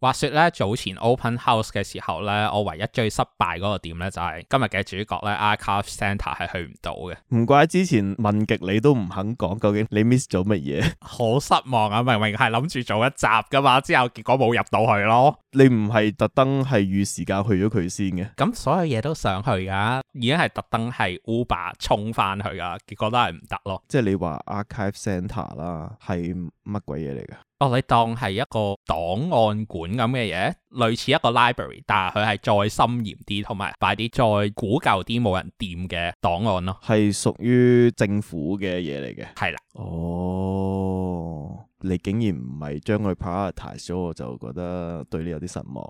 話說咧，早前 Open House 嘅時候咧，我唯一最失敗嗰個點咧，就係、是、今日嘅主角咧，Archive Center 係去唔到嘅。唔怪之前問極你都唔肯講，究竟你 miss 咗乜嘢？好 失望啊！明明係諗住做一集噶嘛，之後結果冇入到去咯。你唔係特登係預時間去咗佢先嘅？咁、嗯、所有嘢都想去噶，已經係特登係 Uber 衝翻去噶，結果都係唔得咯。即係你話 Archive Center 啦，係乜鬼嘢嚟噶？我、哦、你當係一個檔案館咁嘅嘢，類似一個 library，但係佢係再森嚴啲，同埋擺啲再古舊啲冇人掂嘅檔案咯。係屬於政府嘅嘢嚟嘅。係啦的。哦，你竟然唔係將佢 private 咗，我就覺得對你有啲失望。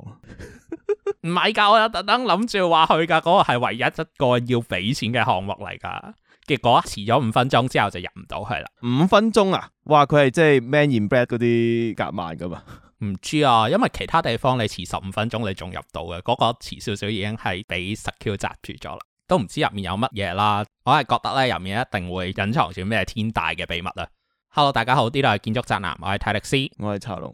唔係噶，我有特登諗住話去噶，嗰、嗰個係唯一一個要俾錢嘅項目嚟噶。結果遲咗五分鐘之後就入唔到去啦。五分鐘啊，哇！佢係即係 man in black 嗰啲夾萬噶嘛？唔知啊，因為其他地方你遲十五分鐘你仲入到嘅，嗰、嗰個遲少少已經係俾 secure 夾住咗啦。都唔知入面有乜嘢啦。我係覺得咧入面一定會隱藏住咩天大嘅秘密啊！Hello，大家好，呢度係建築宅男，我係泰力斯，我係茶龍。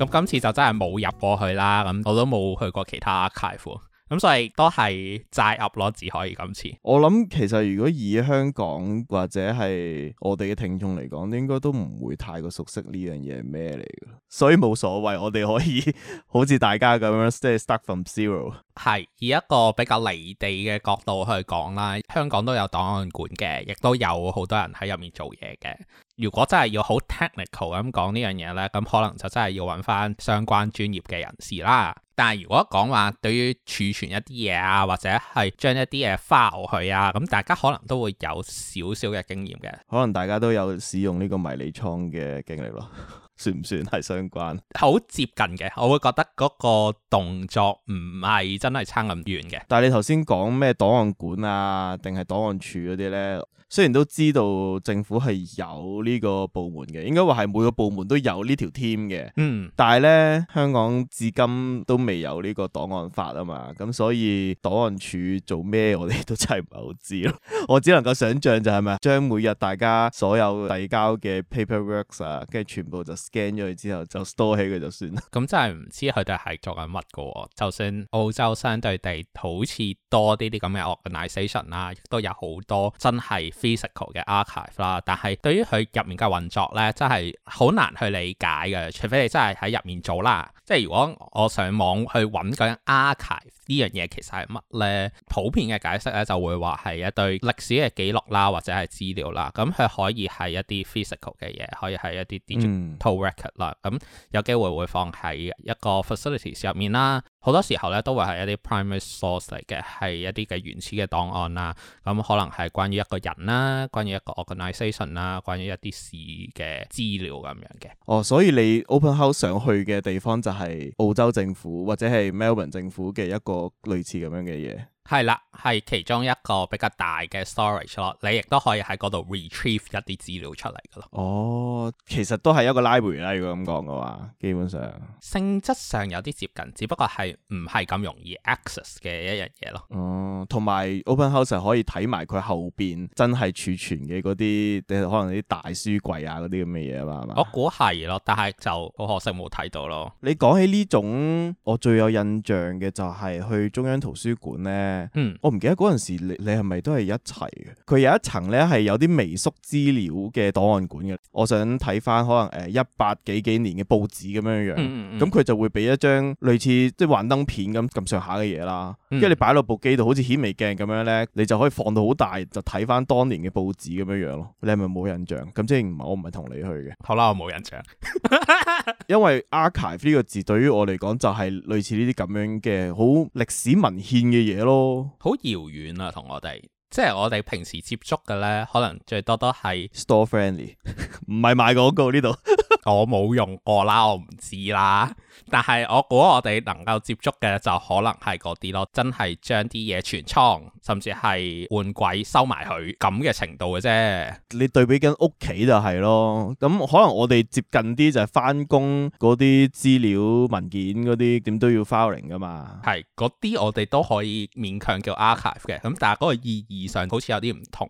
咁今次就真係冇入過去啦，咁我都冇去過其他 archive 咁，所以都係齋噏咯，只可以今次，我諗其實如果以香港或者係我哋嘅聽眾嚟講，應該都唔會太過熟悉呢樣嘢係咩嚟嘅。所以冇所謂，我哋可以 好似大家咁樣，即係 stuck from zero，係以一個比較離地嘅角度去講啦，香港都有檔案館嘅，亦都有好多人喺入面做嘢嘅。如果真係要好 technical 咁講呢樣嘢呢，咁可能就真係要揾翻相關專業嘅人士啦。但係如果講話對於儲存一啲嘢啊，或者係將一啲嘢發落去啊，咁大家可能都會有少少嘅經驗嘅。可能大家都有使用呢個迷你倉嘅經歷咯，算唔算係相關？好接近嘅，我會覺得嗰個動作唔係真係差咁遠嘅。但係你頭先講咩檔案館啊，定係檔案處嗰啲呢？雖然都知道政府係有呢個部門嘅，應該話係每個部門都有呢條 team 嘅。嗯，但係咧香港至今都未有呢個檔案法啊嘛，咁所以檔案處做咩我哋都真係唔係好知咯。 我只能夠想像就係咪將每日大家所有遞交嘅 paperworks 啊，跟住全部就 scan 咗佢之後就 store 起佢就算啦。咁、嗯、真係唔知佢哋係做緊乜嘅喎？就算澳洲相對地好似多啲啲咁嘅 organisation 啦、啊，亦都有好多真係，physical 嘅 archive 啦，但係對於佢入面嘅運作咧，真係好難去理解嘅，除非你真係喺入面做啦。即係如果我上網去揾嗰啲 archive。呢樣嘢其實係乜咧？普遍嘅解釋咧就會話係一對歷史嘅記錄啦，或者係資料啦。咁佢可以係一啲 physical 嘅嘢，可以係一啲 digital record 啦、嗯。咁有機會會放喺一個 facilities 入面啦。好多時候咧都會係一啲 primary source 嚟嘅，係一啲嘅原始嘅檔案啦。咁可能係關於一個人啦，關於一個 organization 啦，關於一啲事嘅資料咁樣嘅。哦，所以你 open house 上去嘅地方就係澳洲政府或者係 Melbourne 政府嘅一個。類似咁樣嘅嘢。係啦，係其中一個比較大嘅 storage 咯，你亦都可以喺嗰度 retrieve 一啲資料出嚟噶咯。哦，其實都係一個 library 啦，如果咁講嘅話，基本上性質上有啲接近，只不過係唔係咁容易 access 嘅一樣嘢咯。哦、嗯，同埋 open house 可以睇埋佢後邊真係儲存嘅嗰啲，可能啲大書櫃啊，嗰啲咁嘅嘢啦，係嘛？我估係咯，但係就好可惜冇睇到咯。你講起呢種，我最有印象嘅就係去中央圖書館咧。嗯，我唔記得嗰陣時你你係咪都係一齊嘅？佢有一層咧係有啲微縮資料嘅檔案館嘅，我想睇翻，可能誒、呃、一百幾幾年嘅報紙咁樣樣，咁佢、嗯嗯嗯、就會俾一張類似即係幻燈片咁咁上下嘅嘢啦，即係、嗯嗯、你擺落部機度，好似顯微鏡咁樣咧，你就可以放到好大就睇翻當年嘅報紙咁樣樣咯。你係咪冇印象？咁即係唔係我，唔係同你去嘅？好啦，我冇印象， 因為 archive 呢個字對於我嚟講就係類似呢啲咁樣嘅好歷史文獻嘅嘢咯。好遙遠啊，同我哋，即係我哋平時接觸嘅咧，可能最多都係 store friendly，唔 係買廣告呢度， 我冇用過啦，我唔知啦。但係我估我哋能夠接觸嘅就可能係嗰啲咯，真係將啲嘢存倉，甚至係換鬼收埋佢咁嘅程度嘅啫。你對比緊屋企就係咯，咁可能我哋接近啲就係翻工嗰啲資料文件嗰啲，點都要 filing 噶嘛。係嗰啲我哋都可以勉強叫 archive 嘅，咁但係嗰個意義上好似有啲唔同。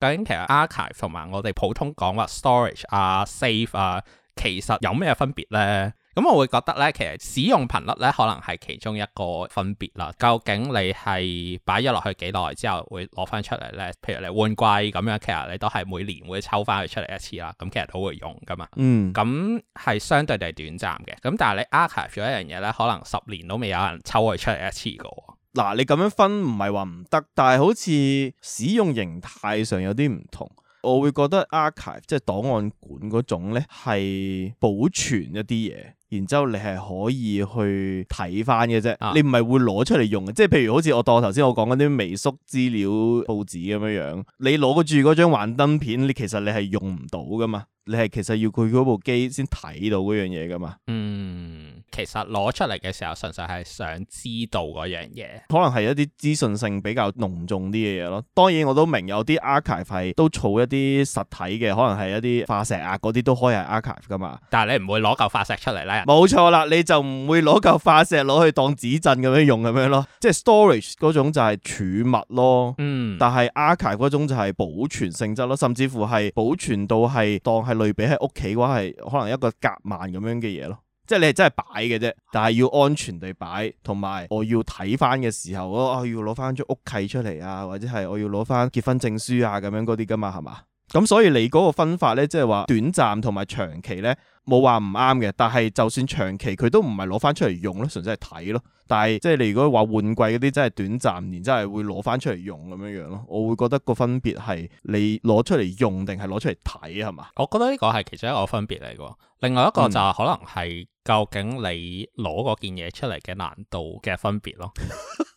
究竟其實 archive 同埋我哋普通講話 storage 啊、save 啊，其實有咩分別咧？咁我會覺得咧，其實使用頻率咧，可能係其中一個分別啦。究竟你係擺咗落去幾耐之後會攞翻出嚟咧？譬如你換季咁樣，其實你都係每年會抽翻佢出嚟一次啦。咁其實都會用噶嘛。嗯。咁係相對地係短暫嘅。咁但係你 archive 咗一樣嘢咧，可能十年都未有人抽佢出嚟一次噶。嗱，你咁樣分唔係話唔得，但係好似使用形態上有啲唔同。我會覺得 archive 即係檔案館嗰種咧，係保存一啲嘢。然之後你係可以去睇返嘅啫，你唔係會攞出嚟用嘅，即係譬如好似我當我頭先我講嗰啲微縮資料報紙咁樣樣，你攞住嗰張幻燈片，你其實你係用唔到㗎嘛，你係其實要佢嗰部機先睇到嗰樣嘢㗎嘛。嗯其實攞出嚟嘅時候，純粹係想知道嗰樣嘢，可能係一啲資訊性比較濃重啲嘅嘢咯。當然我都明有啲 archive 係都儲一啲實體嘅，可能係一啲化石啊，嗰啲都可以係 archive 噶嘛。但係你唔會攞嚿化石出嚟啦？冇錯啦，你就唔會攞嚿化石攞去當紙鎮咁樣用咁樣咯，即係 storage 嗰種就係儲物咯。嗯，但係 archive 嗰種就係保存性質咯，甚至乎係保存到係當係類比喺屋企嘅話係可能一個夾萬咁樣嘅嘢咯。即係你係真係擺嘅啫，但係要安全地擺，同埋我要睇翻嘅時候，啊、我要攞翻張屋契出嚟啊，或者係我要攞翻結婚證書啊，咁樣嗰啲噶嘛，係嘛？咁所以你嗰個分法咧，即係話短暫同埋長期咧，冇話唔啱嘅。但係就算長期佢都唔係攞翻出嚟用咯，純粹係睇咯。但係即係你如果話換季嗰啲，真係短暫，然之後係會攞翻出嚟用咁樣樣咯。我會覺得個分別係你攞出嚟用定係攞出嚟睇係嘛？我覺得呢個係其中一個分別嚟噶，另外一個就可能係。嗯究竟你攞嗰件嘢出嚟嘅難度嘅分別咯？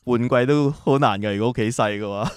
換 季都好難噶，如果屋企細嘅話，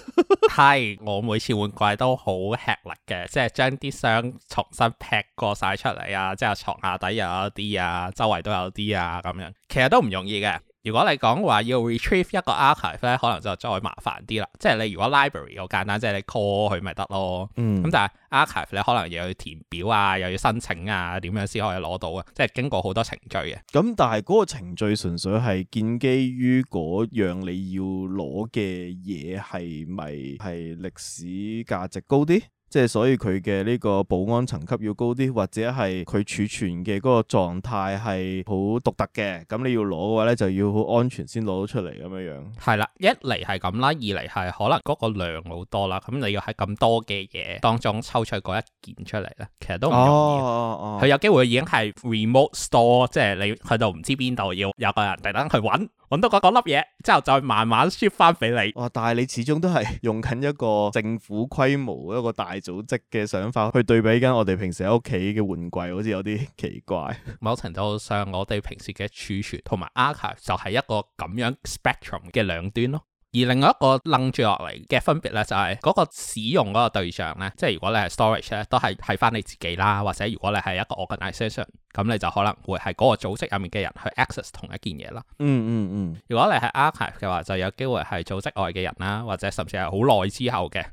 係 我每次換季都好吃力嘅，即係將啲箱重新劈過晒出嚟啊，即係床下底又有啲啊，周圍都有啲啊，咁樣其實都唔容易嘅。如果你講話要 retrieve 一個 archive 咧，可能就再麻煩啲啦。即係你如果 library 好簡單，即係你 call 佢咪得咯。嗯，咁但係 archive 咧，可能又要填表啊，又要申請啊，點樣先可以攞到啊？即係經過好多程序嘅。嗯，咁但係嗰個程序純粹係建基於嗰樣你要攞嘅嘢係咪係歷史價值高啲？即係所以佢嘅呢個保安層級要高啲，或者係佢儲存嘅嗰個狀態係好獨特嘅。咁你要攞嘅話咧，就要好安全先攞到出嚟咁樣樣。係啦，一嚟係咁啦，二嚟係可能嗰個量好多啦。咁你要喺咁多嘅嘢當中抽出嗰一件出嚟咧，其實都唔容易。佢、啊啊啊、有機會已經係 remote store，即係你去到唔知邊度要有個人突然去揾。搵到嗰粒嘢之後，再慢慢輸翻俾你。哇、哦！但係你始終都係用緊一個政府規模一個大組織嘅想法去對比緊我哋平時喺屋企嘅玩具。好似有啲奇怪。某程度上，我哋平時嘅儲存同埋 archive 就係一個咁樣 spectrum 嘅兩端咯。而另外一個愣住落嚟嘅分別咧，就係、是、嗰個使用嗰個對象咧，即係如果你係 storage 咧，都係係翻你自己啦；或者如果你係一個 organisation，咁你就可能會係嗰個組織入面嘅人去 access 同一件嘢啦。嗯嗯嗯。嗯嗯，如果你係 archive 嘅話，就有機會係組織外嘅人啦，或者甚至係好耐之後嘅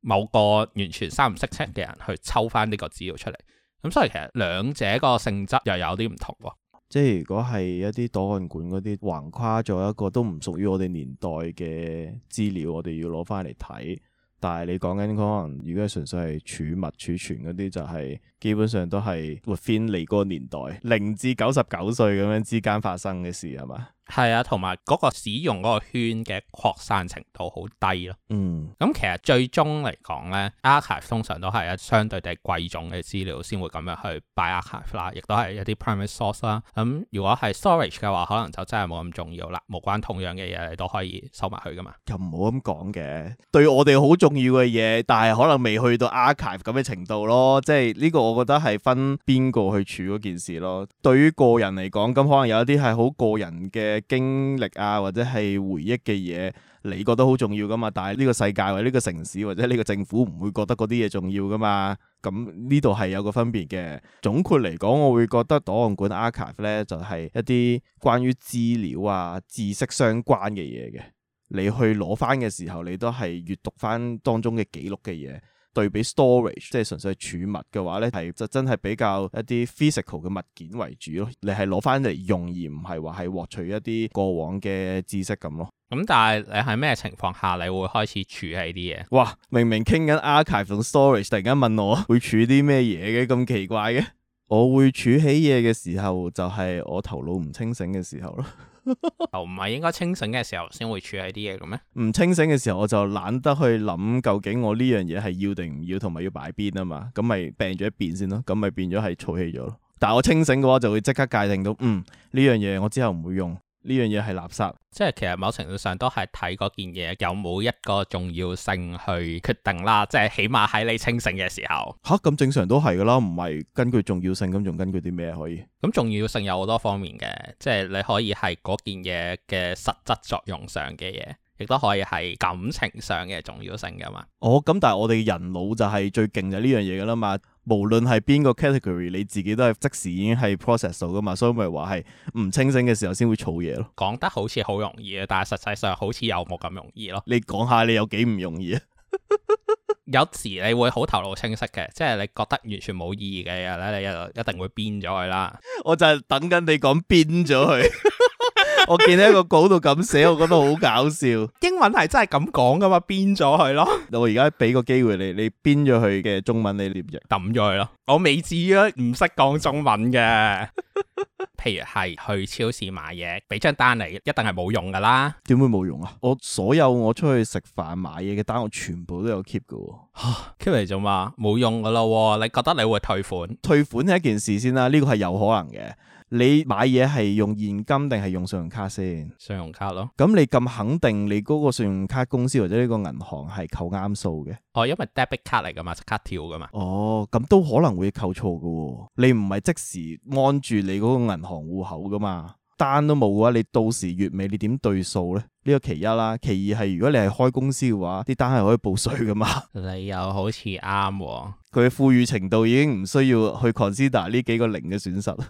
某個完全三唔識七嘅人去抽翻呢個資料出嚟。咁所以其實兩者個性質又有啲唔同喎、啊。即係如果係一啲檔案館嗰啲橫跨咗一個都唔屬於我哋年代嘅資料，我哋要攞翻嚟睇。但係你講緊可能如果係純粹係儲物儲存嗰啲，就是，就係基本上都係活片嚟個年代，零至九十九歲咁樣之間發生嘅事係嘛？係啊，同埋嗰個使用嗰個圈嘅擴散程度好低咯。嗯，咁其實最終嚟講咧，archive 通常都係一相對地貴重嘅資料先會咁樣去擺 archive 啦、啊，亦都係一啲 primary source 啦、啊。咁、啊、如果係 storage 嘅話，可能就真係冇咁重要啦，無關同樣嘅嘢你都可以收埋去噶嘛。又唔好咁講嘅，對我哋好重要嘅嘢，但係可能未去到 archive 咁嘅程度咯。即係呢個我覺得係分邊個去處嗰件事咯。對於個人嚟講，咁可能有一啲係好個人嘅。經歷啊，或者係回憶嘅嘢，你覺得好重要噶嘛。但係呢個世界或者呢個城市或者呢個政府唔會覺得嗰啲嘢重要噶嘛？咁呢度係有個分別嘅。總括嚟講，我會覺得檔案館 archive 咧就係、是、一啲關於資料啊、知識相關嘅嘢嘅。你去攞翻嘅時候，你都係閱讀翻當中嘅記錄嘅嘢。對比 storage 即係純粹儲物嘅話咧，係就真係比較一啲 physical 嘅物件為主咯。你係攞翻嚟用而唔係話係獲取一啲過往嘅知識咁咯。咁、嗯、但係你喺咩情況下你會開始儲起啲嘢？哇，明明傾緊 archive 同 storage，突然間問我會儲啲咩嘢嘅咁奇怪嘅？我會儲起嘢嘅時候，就係、是、我頭腦唔清醒嘅時候咯。 又唔係應該清醒嘅時候先會處理啲嘢嘅咩？唔清醒嘅時候我就懶得去諗究竟我呢樣嘢係要定唔要，同埋要擺邊啊嘛。咁咪病咗一邊先咯，咁咪變咗係儲起咗咯。但係我清醒嘅話，就會即刻界定到，嗯，呢樣嘢我之後唔會用。呢樣嘢係垃圾，即係其實某程度上都係睇嗰件嘢有冇一個重要性去決定啦。即係起碼喺你清醒嘅時候嚇咁、啊、正常都係噶啦，唔係根據重要性，咁仲根據啲咩可以？咁重要性有好多方面嘅，即係你可以係嗰件嘢嘅實質作用上嘅嘢，亦都可以係感情上嘅重要性噶嘛。哦，咁但係我哋人腦就係最勁就係呢樣嘢噶啦嘛。無論係邊個 category，你自己都係即時已經係 process 到噶嘛，所以咪話係唔清醒嘅時候先會儲嘢咯。講得好似好容易啊，但係實際上好似又冇咁容易咯。你講下你有幾唔容易啊 有時你會好頭腦清晰嘅，即係你覺得完全冇意義嘅嘢咧，你又一定會變咗佢啦。我就係等緊你講變咗佢。 我見到一個稿度咁寫，我覺得好搞笑。 英文係真係咁講噶嘛？編咗佢咯。我而家俾個機會你，你編咗佢嘅中文你念譯抌咗佢咯。我未至於唔識講中文嘅。譬 如係去超市買嘢，俾張單嚟，一定係冇用噶啦。點會冇用啊？我所有我出去食飯買嘢嘅單，我全部都有 keep 噶。哈，keep 嚟做嘛？冇用噶咯、啊。你覺得你會退款？退款係一件事先啦，呢個係有可能嘅。你買嘢係用現金定係用信用卡先？信用卡咯。咁你咁肯定你嗰個信用卡公司或者呢個銀行係扣啱數嘅？哦，因為 debit 卡嚟噶嘛，即卡跳噶嘛。哦，咁都可能會扣錯噶、哦。你唔係即時安住你嗰個銀行戶口噶嘛？單都冇嘅話，你到時月尾你點對數咧？呢、這個其一啦。其二係如果你係開公司嘅話，啲單係可以報稅噶嘛。你又好似啱、哦，佢嘅富裕程度已經唔需要去 consider 呢幾個零嘅損失。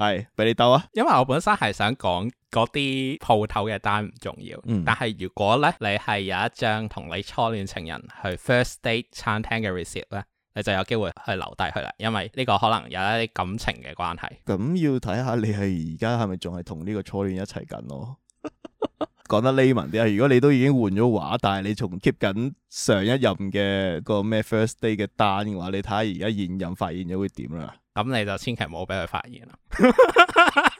係俾你兜啊！因為我本身係想講嗰啲鋪頭嘅單唔重要，嗯、但係如果咧你係有一張同你初戀情人去 first date 餐廳嘅 receipt 咧，你就有機會去留低佢啦，因為呢個可能有一啲感情嘅關係。咁、嗯、要睇下你係而家係咪仲係同呢個初戀一齊緊咯。 講得 l 文啲啊！如果你都已經換咗畫，但係你仲 keep 緊上一任嘅個咩 first day 嘅單嘅話，你睇下而家現任發現咗會點啦？咁你就千祈唔好俾佢發現啦！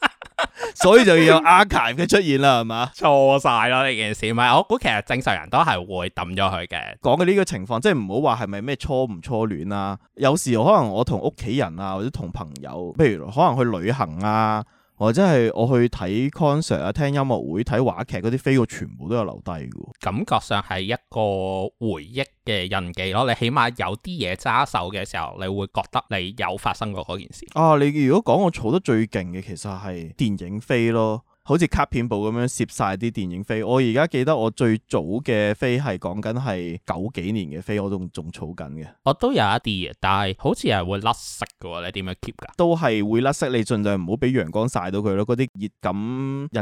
所以就要有阿 Cam 嘅出現啦，係嘛？錯晒啦，呢件事，咪？我估其實正常人都係會抌咗佢嘅。講嘅呢個情況，即係唔好話係咪咩初唔初戀啊？有時候可能我同屋企人啊，或者同朋友，譬如可能去旅行啊。或者係我去睇 concert 啊、聽音樂會、睇話劇嗰啲飛，我全部都有留低噶。感覺上係一個回憶嘅印記咯。你起碼有啲嘢揸手嘅時候，你會覺得你有發生過嗰件事。啊，你如果講我儲得最勁嘅，其實係電影飛咯。好似卡片簿咁樣攝晒啲電影飛，我而家記得我最早嘅飛係講緊係九幾年嘅飛，我仲仲儲緊嘅。我都有一啲嘢，但係好似係會甩色噶喎，你點樣 keep 噶都係會甩色，你盡量唔好俾陽光曬到佢咯。嗰啲熱感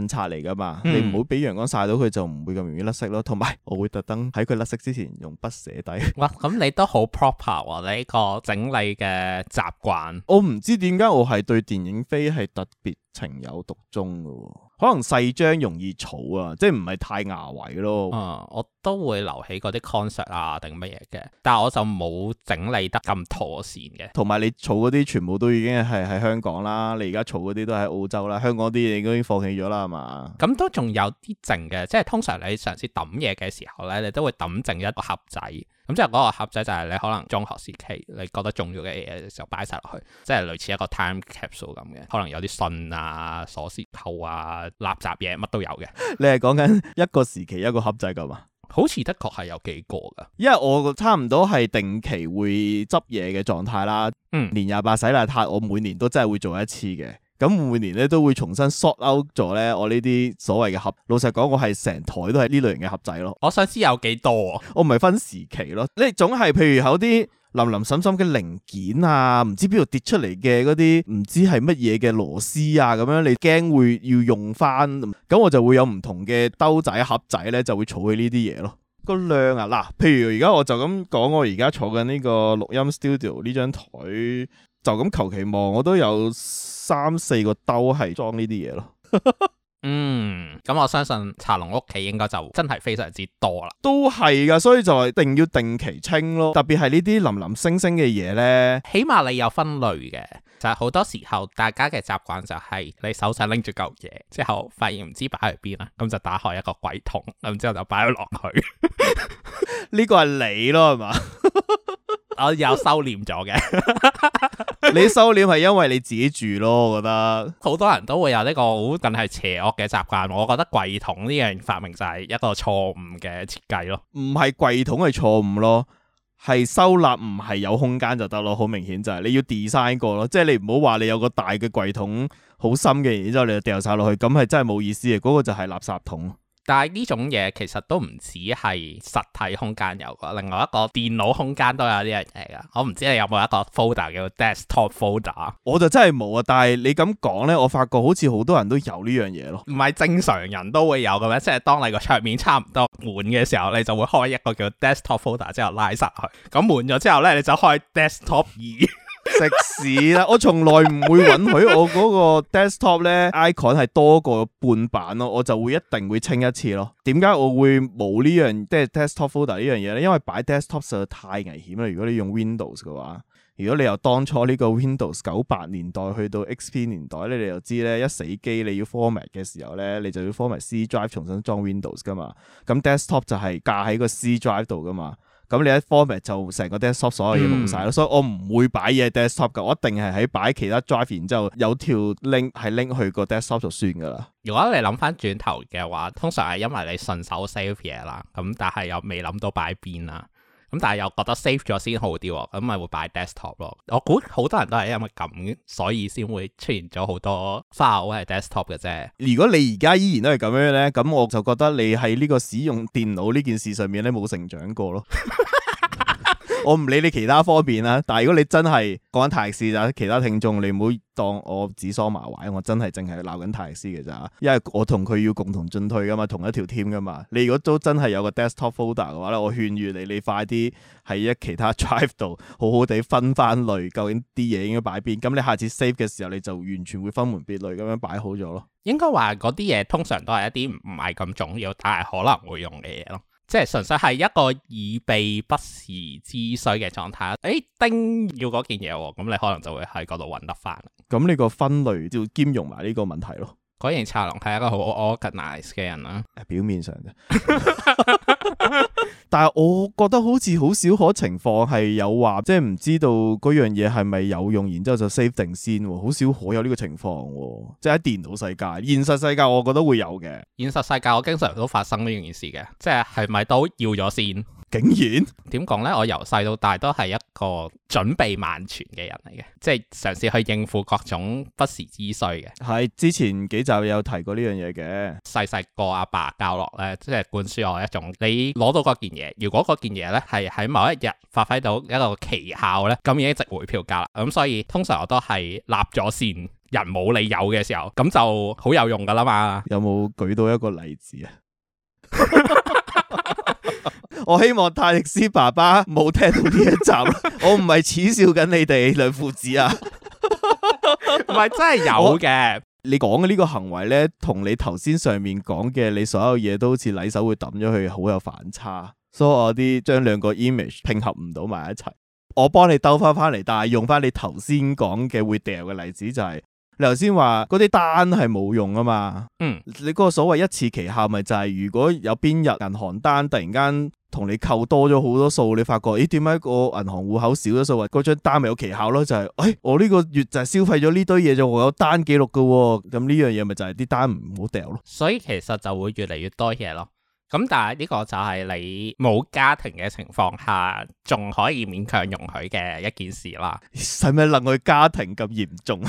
印刷嚟噶嘛，嗯、你唔好俾陽光曬到佢就唔會咁容易甩色咯。同埋我會特登喺佢甩色之前用筆寫低。哇，咁你都好 proper 喎！你呢 個整理嘅習慣，我唔知點解我係對電影飛係特別。情有獨鍾噶，可能細張容易嘈啊，即係唔係太牙位咯。啊，我都會留起嗰啲 concert 啊，定乜嘢嘅？但係我就冇整理得咁妥善嘅。同埋你儲嗰啲全部都已經係喺香港啦，你而家儲嗰啲都喺澳洲啦。香港啲嘢已經放棄咗啦，係嘛？咁都仲有啲剩嘅，即係通常你嘗試抌嘢嘅時候咧，你都會抌剩一個盒仔。咁即係嗰個盒仔就係你可能中學時期你覺得重要嘅嘢就擺晒落去，即係類似一個 time capsule 咁嘅。可能有啲信啊、鎖匙扣啊、垃圾嘢乜都有嘅。 你係講緊一個時期一個盒仔噶嘛？好似的確係有幾個噶，因為我差唔多係定期會執嘢嘅狀態啦。嗯，年廿八洗邋遢，我每年都真係會做一次嘅。咁每年咧都會重新 sort out 咗咧我呢啲所謂嘅盒。老實講，我係成枱,都係呢類型嘅盒仔咯。我想知有幾多啊？我唔係分時期咯，你總係譬如有啲。林林沈沈嘅零件啊，唔知邊度跌出嚟嘅嗰啲唔知係乜嘢嘅螺絲啊，咁樣你驚會要用翻，咁我就會有唔同嘅兜仔盒仔咧，就會儲起呢啲嘢咯。個量啊，嗱、啊，譬如而家我就咁講，我而家坐緊呢個錄音 studio 呢張台，就咁求其望，我都有三四個兜係裝呢啲嘢咯。 嗯，咁我相信茶龍屋企應該就真係非常之多啦，都係噶，所以就係一定要定期清咯，特別係呢啲林林星星嘅嘢呢。起碼你有分類嘅。就係好多時候，大家嘅習慣就係你手上拎住嚿嘢之後，發現唔知擺喺邊啦，咁就打開一個櫃桶，咁之後就擺咗落去。呢 個係你咯，係嘛？ 我有收斂咗嘅，你收斂係因為你自己住咯，我覺得好多人都會有呢個好，梗係邪惡嘅習慣。我覺得櫃桶呢樣發明就係一個錯誤嘅設計咯。唔係櫃桶係錯誤咯，係收納唔係有空間就得咯，好明顯就係你要 design 過咯，即係你唔好話你有個大嘅櫃桶，好深嘅，然之後你就掉晒落去，咁係真係冇意思嘅。嗰個就係垃圾桶。但係呢種嘢，其實都唔只係實體空間有嘅，另外一個電腦空間都有呢樣嘢噶我唔知你有冇一個 folder 叫 desktop folder，我就真係冇啊。但係你咁講呢，我發覺好似好多人都有呢樣嘢咯。唔係正常人都會有嘅咩？即係當你個桌面差唔多滿嘅時候，你就會開一個叫 desktop folder，之後拉晒去。咁滿咗之後呢，你就開 desktop 二。 食屎啦！我從來唔會允許我嗰個 desktop 咧 icon 係多過半版咯，我就會一定會清一次咯。點解我會冇、這個就是、呢樣即係 desktop folder 呢樣嘢咧？因為擺 desktop 實在太危險啦。如果你用 Windows 嘅話，如果你由當初呢個 Windows 九八年代，去到 XP 年代咧，你就知咧，一死機你要 format 嘅時候咧，你就要 format C drive 重新裝 Windows 噶嘛。咁 desktop 就係架喺個 C drive 度噶嘛。咁你一 format 就成個 desktop 所有嘢冇晒咯，嗯、所以我唔會擺嘢 desktop 嘅，我一定係喺擺其他 drive，然之後有條 link 係 link 去個 desktop 就算噶啦。如果你諗翻轉頭嘅話，通常係因為你順手 save 嘢啦，咁但係又未諗到擺邊啊。咁但係又覺得 save 咗先好啲喎，咁咪會擺 desktop 咯。我估好多人都係因為咁，所以先會出現咗好多 file 係 desktop 嘅啫。如果你而家依然都係咁樣咧，咁我就覺得你喺呢個使用電腦呢件事上面咧冇成長過咯。 我唔理你其他方面啦、啊，但係如果你真係講緊泰斯咋，其他聽眾你唔好當我指桑罵槐，我真係淨係鬧緊泰斯嘅咋，因為我同佢要共同進退噶嘛，同一條 team 噶嘛。你如果都真係有個 desktop folder 嘅話咧，我勸喻你，你快啲喺一其他 drive 度好好地分翻類，究竟啲嘢應該擺邊？咁你下次 save 嘅時候，你就完全會分門別類咁樣擺好咗咯。應該話嗰啲嘢通常都係一啲唔唔係咁重要，但係可能會用嘅嘢咯。即係純粹係一個以備不時之需嘅狀態。誒、哎，丁要嗰件嘢喎，咁你可能就會喺嗰度搵得返。咁呢個分類就兼容埋呢個問題咯。果然茶龍係一個好 organized 嘅人啦，表面上啫。 但係我覺得好似好少可情況係有話，即係唔知道嗰樣嘢係咪有用，然之後就 save 定先，好少可有呢個情況，即係喺電腦世界，現實世界我覺得會有嘅。現實世界我經常都發生呢件事嘅，即係係咪都要咗先？竟然點講呢？我由細到大都係一個準備萬全嘅人嚟嘅，即係嘗試去應付各種不時之需嘅。係之前幾集有提過呢樣嘢嘅。細細個阿爸教落咧，即係灌輸我一種：你攞到嗰件嘢，如果嗰件嘢呢係喺某一日發揮到一個奇效呢，咁已經值回票價啦。咁所以通常我都係立咗先，人冇你有嘅時候，咁就好有用噶啦嘛。有冇舉到一個例子啊？ 我希望泰力斯爸爸冇聽到呢一集 我恥，我唔係恥笑緊你哋兩父子啊，唔 係真係有嘅。你講嘅呢個行為呢，同你頭先上面講嘅你所有嘢都好似禮手會抌咗佢，好有反差，所以我啲將兩個 image 拼合唔到埋一齊。我幫你兜翻翻嚟，但係用翻你頭先講嘅會掉嘅例子就係、是。你頭先話嗰啲單係冇用啊嘛，嗯，你嗰個所謂一次期效咪就係如果有邊日銀行單突然間同你扣多咗好多數，你發覺咦點解個銀行戶口少咗數？嗰張單咪有期效咯，就係、是、誒、哎、我呢個月就係消費咗呢堆嘢就我有單記錄噶、哦，咁呢樣嘢咪就係啲單唔好掉咯。所以其實就會越嚟越多嘢咯。咁但係呢個就係你冇家庭嘅情況下仲可以勉強容許嘅一件事啦。使咪令佢家庭咁嚴重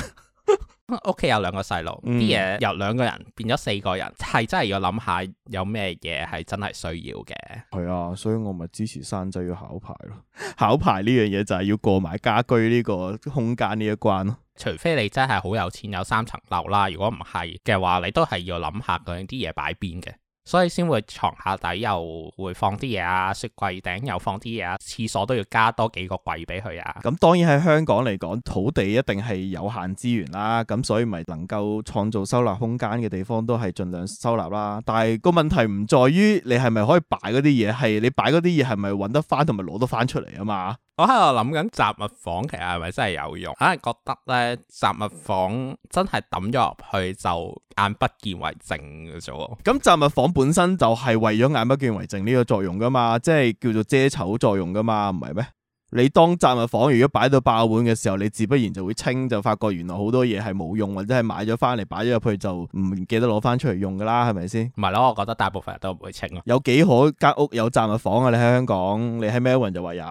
屋企有兩個細路，啲嘢、嗯、由兩個人變咗四個人，係真係要諗下有咩嘢係真係需要嘅。係啊，所以我咪支持生仔要考牌咯。考牌呢樣嘢就係要過埋家居呢個空間呢一關咯。除非你真係好有錢有三層樓啦，如果唔係嘅話，你都係要諗下究竟啲嘢擺邊嘅。所以先會床下底又會放啲嘢啊，雪櫃頂又放啲嘢啊，廁所都要加多幾個櫃俾佢啊。咁、嗯、當然喺香港嚟講，土地一定係有限資源啦。咁、嗯、所以咪能夠創造收納空間嘅地方都係盡量收納啦。但係個問題唔在於你係咪可以擺嗰啲嘢，係你擺嗰啲嘢係咪揾得翻同埋攞得翻出嚟啊嘛？我喺度諗緊雜物房其實係咪真係有用？可能覺得咧雜物房真係抌咗入去就眼不見為淨咗。咁、嗯、雜物房本身就係為咗眼不見為淨呢個作用㗎嘛，即係叫做遮醜作用㗎嘛，唔係咩？你當雜物房如果擺到爆滿嘅時候，你自不然就會清，就發覺原來好多嘢係冇用，或者係買咗翻嚟擺咗入去就唔記得攞翻出嚟用㗎啦，係咪先？唔係咯，我覺得大部分人都唔會清咯、啊。有幾可間屋有雜物房啊？你喺香港，你喺 Melbourne 就話有。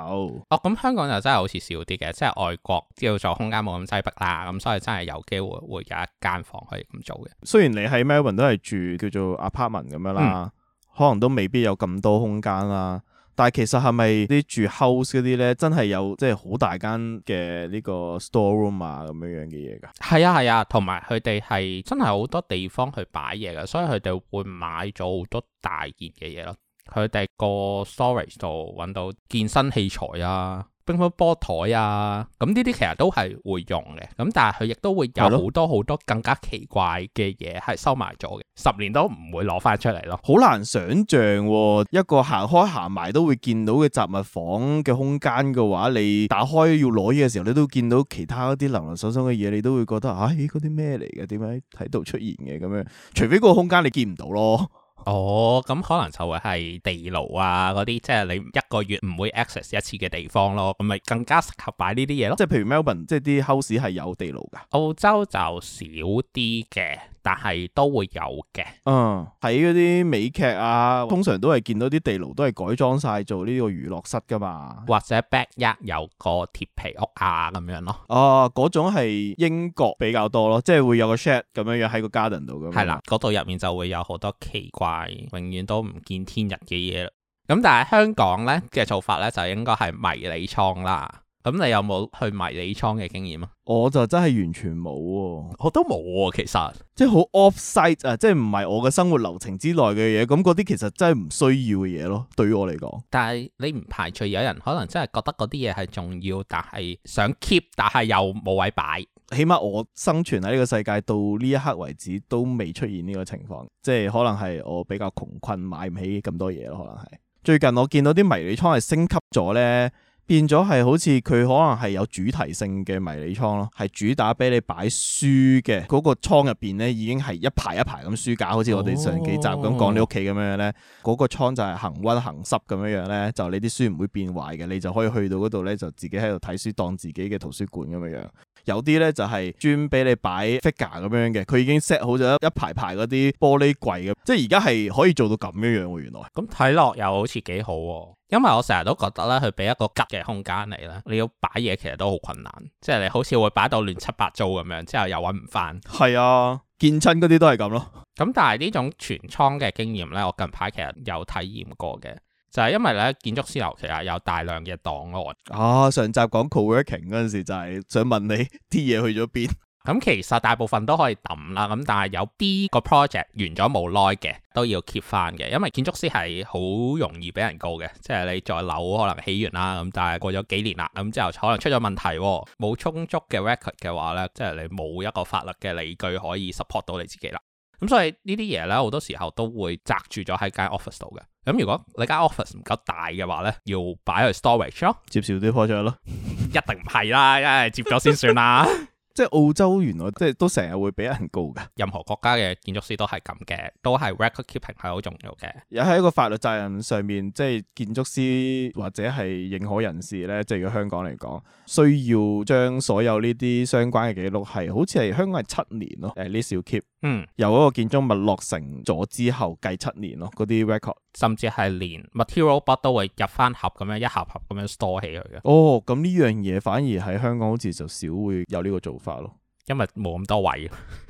哦，咁香港就真係好似少啲嘅，即係外國叫做空間冇咁擠迫啦，咁所以真係有機會會有一間房可以咁做嘅。雖然你喺 Melbourne 都係住叫做 apartment 咁樣啦，嗯、可能都未必有咁多空間啦。但係其實係咪啲住 house 嗰啲咧，真係有即係好大間嘅呢個 store room 啊咁樣樣嘅嘢㗎？係啊係啊，同埋佢哋係真係好多地方去擺嘢㗎，所以佢哋會買咗好多大件嘅嘢咯。佢哋個 storage 度揾到健身器材啊～乒乓波台啊，咁呢啲其實都係會用嘅，咁但係佢亦都會有好多好多更加奇怪嘅嘢係收埋咗嘅，的十年都唔會攞翻出嚟咯。好難想象一個行開行埋都會見到嘅雜物房嘅空間嘅話，你打開要攞嘢嘅時候，你都見到其他一啲零零散散嘅嘢，你都會覺得吓，咦嗰啲咩嚟嘅？點解喺度出現嘅？咁樣除非個空間你見唔到咯。哦，咁可能就係地牢啊嗰啲，即係你一個月唔會 access 一次嘅地方咯，咁咪更加適合擺呢啲嘢咯。即係譬如 Melbourne，即係啲 house 係有地牢㗎。澳洲就少啲嘅。但係都會有嘅，嗯，喺嗰啲美劇啊，通常都係見到啲地牢都係改裝晒做呢個娛樂室噶嘛，或者 backyard 有個鐵皮屋啊咁樣咯，啊，嗰種係英國比較多咯，即係會有個 shed 咁樣樣喺個 garden 度咁，係啦，嗰度入面就會有好多奇怪、永遠都唔見天日嘅嘢，咁但係香港咧嘅做法咧就應該係迷你倉啦。咁你有冇去迷你倉嘅經驗啊？我就真係完全冇啊，我都冇啊。其實即係好 offside 啊，即係唔係我嘅生活流程之內嘅嘢。咁嗰啲其實真係唔需要嘅嘢咯，對於我嚟講。但係你唔排除有人可能真係覺得嗰啲嘢係重要，但係想 keep，但係又冇位擺。起碼我生存喺呢個世界到呢一刻為止，都未出現呢個情況。即係可能係我比較窮困，買唔起咁多嘢咯。可能係最近我見到啲迷你倉係升級咗咧。變咗係好似佢可能係有主題性嘅迷你倉咯，係主打俾你擺書嘅嗰個倉入邊咧，已經係一排一排咁書架，好似我哋上幾集咁講你屋企咁樣嘅咧，嗰、哦、個倉就係恆溫恆濕咁樣樣咧，就你啲書唔會變壞嘅，你就可以去到嗰度咧，就自己喺度睇書，當自己嘅圖書館咁樣樣。有啲咧就係專俾你擺 figure 咁樣嘅，佢已經 set 好咗一排排嗰啲玻璃櫃嘅，即係而家係可以做到咁樣樣喎。原來咁睇落又好似幾好，啊，因為我成日都覺得咧，佢俾一個吉嘅空間你啦。你要擺嘢其實都好困難，即係你好似會擺到亂七八糟咁樣，之後又揾唔返。係啊，見親嗰啲都係咁咯。咁但係呢種存倉嘅經驗咧，我近排其實有體驗過嘅。就係因為咧，建築師樓其實有大量嘅檔案。啊，上集講 co-working 嗰陣時，就係想問你啲嘢去咗邊？咁 其實大部分都可以抌啦，咁但係有啲個 project 完咗冇耐嘅，都要 keep 翻嘅，因為建築師係好容易俾人告嘅，即係你座樓可能起完啦，咁但係過咗幾年啦，咁之後可能出咗問題，冇充足嘅 record 嘅話咧，即係你冇一個法律嘅理據可以 support 到你自己啦。咁所以呢啲嘢咧，好多時候都會積住咗喺間 office 度嘅。咁、嗯、如果你間 office 唔夠大嘅話咧，要擺去 storage 咯，接少啲 project 咯， 一定唔係啦，一係接咗先算啦。 即係澳洲原來即係都成日會俾人告噶，任何國家嘅建築師都係咁嘅，都係 record keeping 係好重要嘅。又喺一個法律責任上面，即係建築師或者係認可人士咧，即係如果香港嚟講，需要將所有呢啲相關嘅記錄係，好似係香港係七年咯，誒，至少 keep。嗯，由嗰個建築物落成咗之後計七年咯，嗰啲 record 甚至係連 material box 都會入翻盒咁樣一盒盒咁樣 store 起佢嘅。哦，咁呢樣嘢反而喺香港好似就少會有呢個做法咯，因為冇咁多位。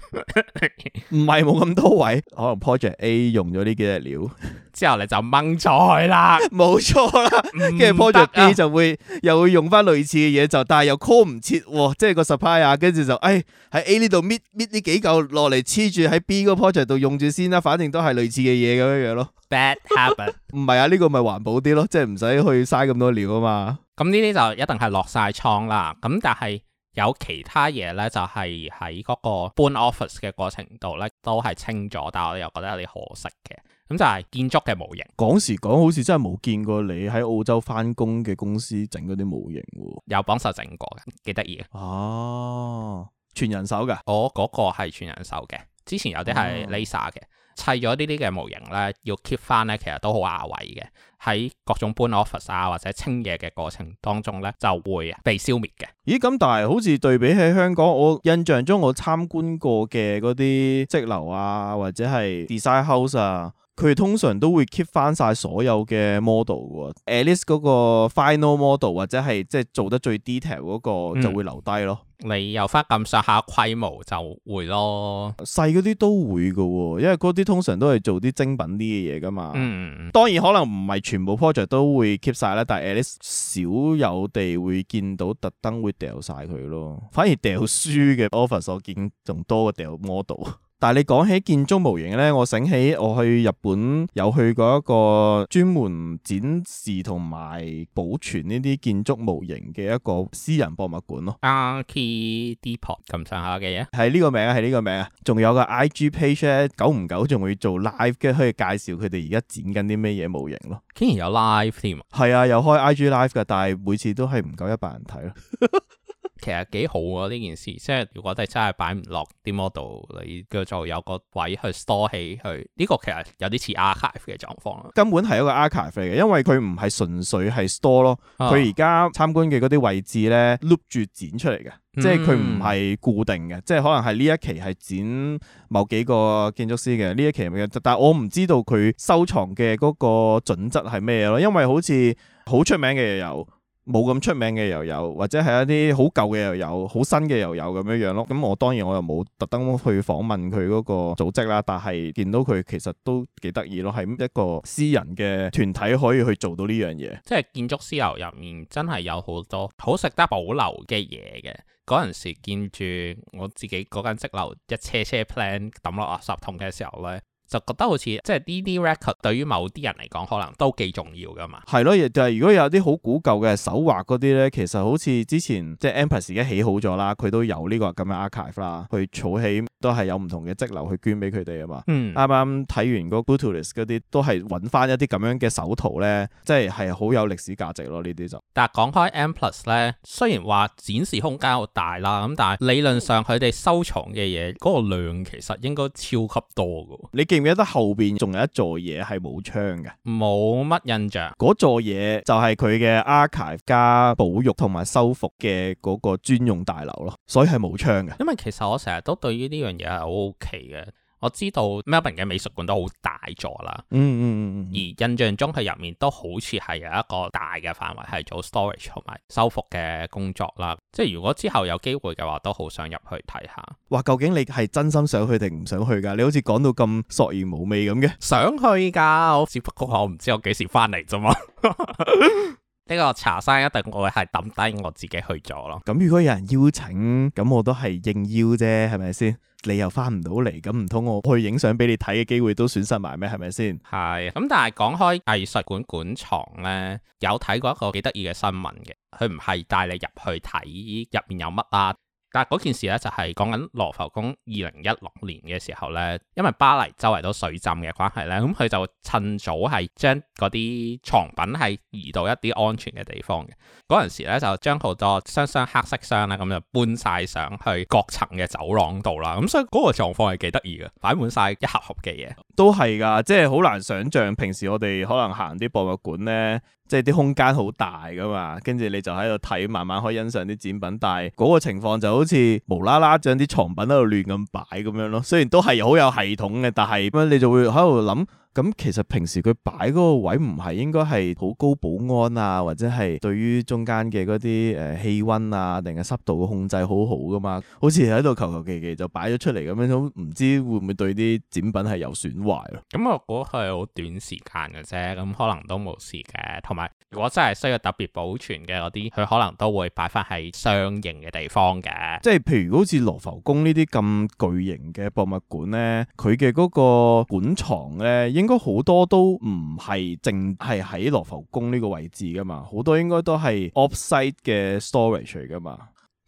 唔係冇咁多位，可能 project A 用咗呢幾隻料之後咧就掹咗去啦，冇錯啦。跟住、啊、project B 就會 又會用翻類似嘅嘢，就但係又 call 唔切，即係個 supplier。跟住就誒喺 A 呢度搣搣呢幾嚿落嚟黐住喺 B 個 project 度用住先啦、啊，反正都係類似嘅嘢咁樣樣咯。Bad habit，唔係啊？呢、這個咪環保啲咯，即係唔使去嘥咁多料啊嘛。咁呢啲就一定係落晒倉啦。咁但係。有其他嘢咧，就係喺嗰個搬 office 嘅過程度咧，都係清咗，但係我又覺得有啲可惜嘅。咁就係建築嘅模型，講時講，好似真係冇見過你喺澳洲返工嘅公司整嗰啲模型喎。有幫手整過嘅，幾得意哦，全人手㗎，我嗰、哦那個係全人手嘅，之前有啲係 Laser 嘅。啊砌咗呢啲嘅模型咧，要 keep 翻咧，其實都好亞偉嘅。喺各種搬 office 啊或者清嘢嘅過程當中咧，就會被消滅嘅。咦？咁但係好似對比起香港，我印象中我參觀過嘅嗰啲則樓啊，或者係 design house 啊。佢通常都會 keep 翻晒所有嘅 model 嘅 at least 嗰個 final model 或者係即係做得最 detail 嗰個就會留低咯。你又翻咁上下規模就會咯，細嗰啲都會嘅喎，因為嗰啲通常都係做啲精品啲嘅嘢㗎嘛。嗯，當然可能唔係全部 project 都會 keep 晒啦，但係 at least 少有地會見到特登會掉晒佢咯。反而掉書嘅 offer 所見仲多過掉 model。但係你講起建築模型咧，我醒起我去日本有去過一個專門展示同埋保存呢啲建築模型嘅一個私人博物館咯。Archi Depot 咁上下嘅嘢，係呢個名啊，係呢個名啊。仲有個 IG page 咧，久唔久仲會做 live，跟住可以介紹佢哋而家展緊啲咩嘢模型咯。竟然有 live 添啊！係啊，有開 IG live 噶，但係每次都係唔夠一百人睇啊。 其實幾好喎呢件事，即係如果都係真係擺唔落啲 model，你嘅就有個位去 store 起去。呢、呢個其實有啲似 archive 嘅狀況咯，根本係一個 archive 嘅，因為佢唔係純粹係 store 咯、啊。佢而家參觀嘅嗰啲位置咧碌住剪出嚟嘅，即係佢唔係固定嘅，嗯、即係可能係呢一期係剪某幾個建築師嘅呢一期，但係我唔知道佢收藏嘅嗰個準則係咩咯，因為好似好出名嘅嘢有。冇咁出名嘅又有，或者係一啲好舊嘅又有，好新嘅又有咁樣樣咯。咁、嗯、我當然我又冇特登去訪問佢嗰個組織啦，但係見到佢其實都幾得意咯，係一個私人嘅團體可以去做到呢樣嘢，即係建築師樓入面真係有好多好值得保留嘅嘢嘅。嗰陣時見住我自己嗰間積樓一車車 plan 抌落垃圾桶嘅時候咧，就覺得好似即係呢啲 record 對於某啲人嚟講可能都幾重要噶嘛。係咯，亦就係如果有啲好古舊嘅手畫嗰啲咧，其實好似之前即係 M+ 已經起好咗啦，佢都有呢、這個咁樣 archive 啦，去儲起都係有唔同嘅積流去捐俾佢哋啊嘛。嗯，啱啱睇完嗰個 b o u t l l e r 嗰啲都係揾翻一啲咁樣嘅手圖咧，即係係好有歷史價值咯。呢啲就但係講開 M+ 咧，雖然話展示空間好大啦，咁但係理論上佢哋收藏嘅嘢嗰個量其實應該超級多噶。你唔記得後邊仲有一座嘢係冇窗嘅，冇乜印象。嗰座嘢就係佢嘅 archive 加保育同埋修復嘅嗰個專用大樓咯，所以係冇窗嘅。因為其實我成日都對於呢樣嘢係好好奇嘅。我知道 Melbourne 嘅美術館都好大座啦，嗯嗯嗯嗯，嗯嗯而印象中佢入面都好似係有一個大嘅範圍係做 storage 同埋修復嘅工作啦。即係如果之後有機會嘅話，都好想入去睇下。哇，究竟你係真心想去定唔想去㗎？你好似講到咁索然無味咁嘅。想去㗎，我只不過我唔知我幾時返嚟啫嘛。 呢個茶山一定我係抌低我自己去咗咯。咁如果有人邀請，咁我都係應邀啫，係咪先？你又翻唔到嚟，咁唔通我去影相俾你睇嘅機會都損失埋咩？係咪先？係。咁但係講開藝術館館藏呢，有睇過一個幾得意嘅新聞嘅，佢唔係帶你入去睇入面有乜啊？但係嗰件事咧就係講緊羅浮宮二零一六年嘅時候咧，因為巴黎周圍都水浸嘅關係咧，咁佢就趁早係將嗰啲藏品係移到一啲安全嘅地方嘅。嗰陣時咧就將好多箱箱黑色箱啦，咁就搬晒上去各層嘅走廊度啦。咁、嗯、所以嗰個狀況係幾得意嘅，擺滿晒一盒盒嘅嘢。都係噶，即係好難想象平時我哋可能行啲博物館咧。即係啲空間好大噶嘛，跟住你就喺度睇，慢慢可以欣賞啲展品，但係嗰個情況就好似無啦啦將啲藏品喺度亂咁擺咁樣咯。雖然都係好有系統嘅，但係咁樣你就會喺度諗。咁其實平時佢擺嗰個位唔係應該係好高保安啊，或者係對於中間嘅嗰啲誒氣温啊，定係濕度嘅控制好好噶嘛？好似喺度求求其其就擺咗出嚟咁樣，都唔知會唔會對啲展品係有損壞咯？咁我估係好短時間嘅啫，咁可能都冇事嘅。同埋如果真係需要特別保存嘅嗰啲，佢可能都會擺翻喺相應嘅地方嘅。即係譬如好似羅浮宮呢啲咁巨型嘅博物館咧，佢嘅嗰個館藏咧，應該好多都唔係淨係喺羅浮宮呢個位置噶嘛，好多應該都係 off site 嘅 storage 嚟噶嘛。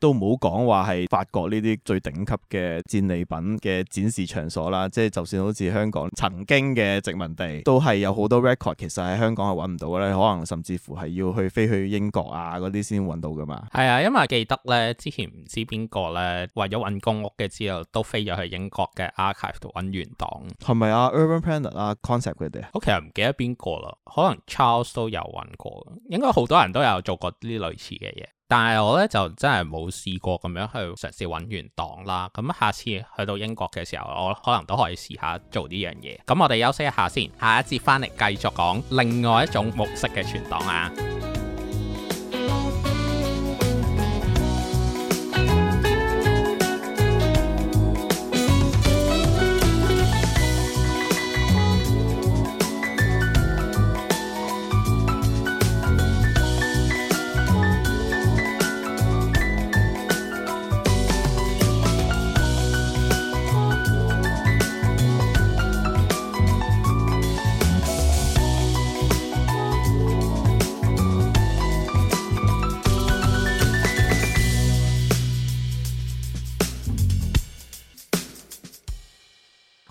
都唔好講話係法國呢啲最頂級嘅戰利品嘅展示場所啦，即係就算好似香港曾經嘅殖民地，都係有好多 record，其實喺香港係揾唔到嘅咧，可能甚至乎係要去飛去英國啊嗰啲先揾到㗎嘛。係啊，因為記得咧，之前唔知邊個咧為咗揾公屋嘅資料，都飛咗去英國嘅 archive 度揾原檔。係咪啊 Urban Planner 啊 Concept 嗰啲啊？啊我其實唔記得邊個啦，可能 Charles 都有揾過，應該好多人都有做過呢類似嘅嘢。但係我呢，就真係冇試過咁樣去嘗試揾完檔啦，咁下次去到英國嘅時候，我可能都可以試下做呢樣嘢。咁我哋休息一下先，下一節翻嚟繼續講另外一種模式嘅存檔啊！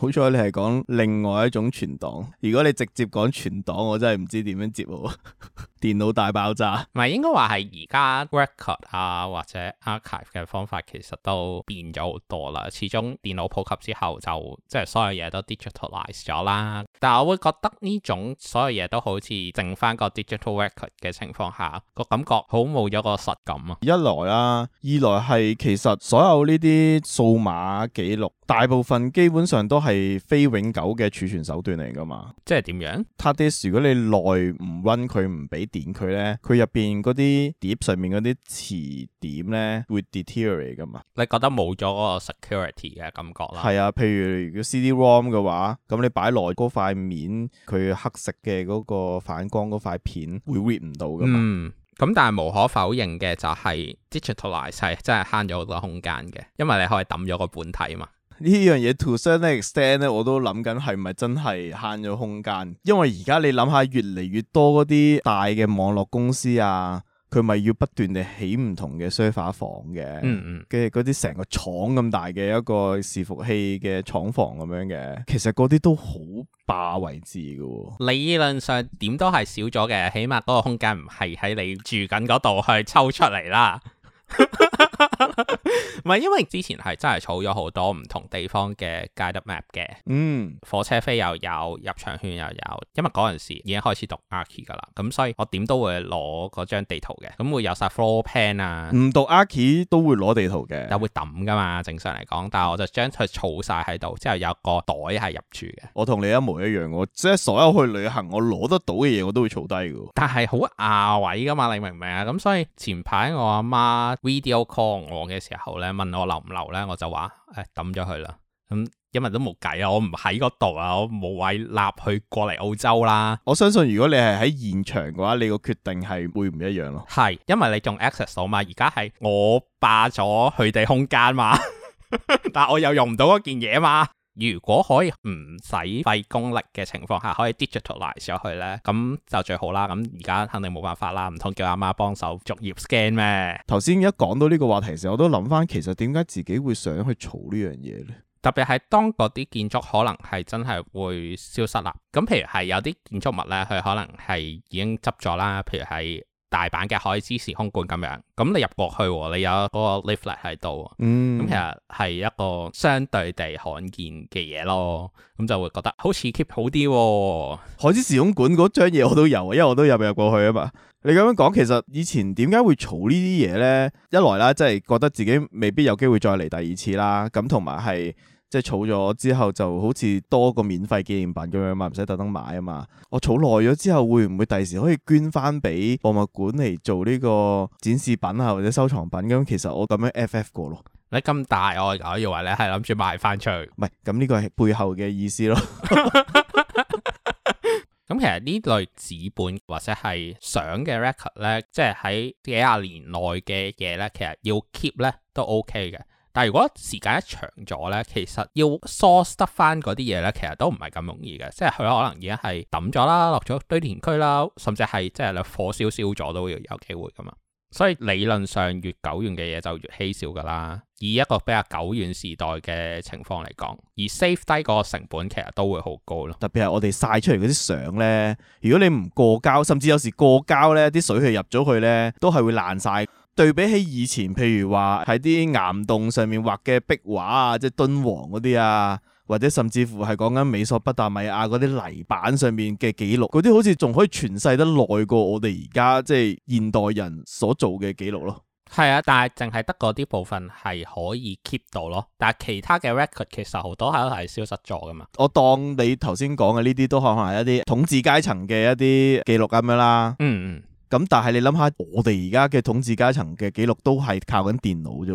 好彩你係講另外一種存檔，如果你直接講存檔，我真係唔知點樣接喎。 電腦大爆炸，唔係應該話係而家 record 啊或者 archive 嘅方法其實都變咗好多啦。始終電腦普及之後就即係、就係、所有嘢都 digitalize 咗啦。但係我會覺得呢種所有嘢都好似剩翻個 digital record 嘅情況下，個感覺好冇咗個實感啊！一來啦、啊，二來係其實所有呢啲數碼記錄大部分基本上都係非永久嘅儲存手段嚟㗎嘛。即係點樣，hard disk 如果你耐唔 run 佢唔俾電佢咧，佢入邊啲碟上面嗰啲磁點咧會 deteriorate 㗎嘛。你覺得冇咗個 security 嘅感覺啦。係啊，譬如如果 CD ROM 嘅話，咁你擺耐嗰塊。避免佢黑色嘅嗰個反光嗰塊片會 read 唔到噶嘛？嗯，咁但係無可否認嘅就係 digitalize 係真係慳咗好多空間嘅，因為你可以抌咗個本體嘛。呢樣嘢 to certain extent 咧，我都諗緊係咪真係慳咗空間？因為而家你諗下越嚟越多嗰啲大嘅網絡公司啊。佢咪要不斷地起唔同嘅 server 房嘅，跟住嗰啲成個廠咁大嘅一個伺服器嘅廠房咁樣嘅，嗯、其實嗰啲都好霸位置嘅。理論上點都係少咗嘅，起碼嗰個空間唔係喺你住緊嗰度去抽出嚟啦。 唔係， 因為之前係真係儲咗好多唔同地方嘅 guide map 嘅，嗯，火車飛又有，有，入場券又有，因為嗰陣時已經開始讀 Archie 噶啦咁所以我點都會攞嗰張地圖嘅，咁會有晒 floor plan 啊唔讀 Archie 都會攞地圖嘅，又會抌噶嘛，正常嚟講，但係我就將佢儲晒喺度，之後有個袋係入住嘅。我同你一模一樣。哦，我即係所有去旅行我攞得到嘅嘢，我都會儲低噶。但係好亞位噶嘛，你明唔明啊？咁所以前排我阿媽 video。call 我嘅時候咧，問我留唔留咧，我就話誒抌咗佢啦。咁、嗯、因為都冇計啊，我唔喺嗰度啊，我冇位立去過嚟澳洲啦。我相信如果你係喺現場嘅話，你個決定係會唔一樣咯。係，因為你仲 access 啊嘛，而家係我霸咗佢哋空間嘛， 但我又用唔到嗰件嘢嘛。如果可以唔使費功力嘅情況下，可以 digitalise 上去呢，咁就最好啦。咁而家肯定冇辦法啦，唔通叫阿媽幫手逐頁 scan 咩？頭先一講到呢個話題時，我都諗翻，其實點解自己會想去儲呢樣嘢呢？特別係當嗰啲建築可能係真係會消失啦。咁譬如係有啲建築物呢，佢可能係已經執咗啦。譬如係。大阪嘅海之時空館咁樣，咁你入過去，你有嗰個 leaflet 喺度，咁、嗯、其實係一個相對地罕見嘅嘢咯，咁就會覺得好似 keep 好啲。海之時空館嗰張嘢我都有，因為我都入入過去啊嘛。你咁樣講，其實以前點解會儲呢啲嘢呢？一來啦，即係覺得自己未必有機會再嚟第二次啦，咁同埋係。即係儲咗之後就好似多個免費紀念品咁樣嘛，唔使特登買啊嘛。我儲耐咗之後會唔會第時可以捐翻俾博物館嚟做呢個展示品啊，或者收藏品咁？其實我咁樣 FF 過咯。你咁大我我以為你係諗住賣翻出去。唔係。咁呢個係背後嘅意思咯。咁其實呢類紙本或者係相嘅 record 咧，即係喺幾廿年內嘅嘢咧，其實要 keep 咧都 OK 嘅。但係如果時間一長咗咧，其實要 source 得翻嗰啲嘢咧，其實都唔係咁容易嘅，即係佢可能而家係抌咗啦，落咗堆填區啦，甚至係即係你火燒燒咗都會有機會噶嘛。所以理論上越久遠嘅嘢就越稀少噶啦。以一個比較久遠時代嘅情況嚟講，而 save 低嗰個成本其實都會好高咯。特別係我哋晒出嚟嗰啲相咧，如果你唔過膠，甚至有時過膠咧，啲水氣入咗去咧，都係會爛晒。對比起以前，譬如話喺啲岩洞上面畫嘅壁畫啊，即係敦煌嗰啲啊，或者甚至乎係講緊美索不達米亞嗰啲泥板上面嘅記錄，嗰啲好似仲可以傳世得耐過我哋而家即係現代人所做嘅記錄咯。係啊，但係淨係得嗰啲部分係可以 keep 到咯，但係其他嘅 record 其實好多係都係消失咗噶嘛。我當你頭先講嘅呢啲都可能係一啲統治階層嘅一啲記錄咁樣啦。嗯嗯。咁但係你諗下，我哋而家嘅統治階層嘅記錄都係靠緊電腦啫。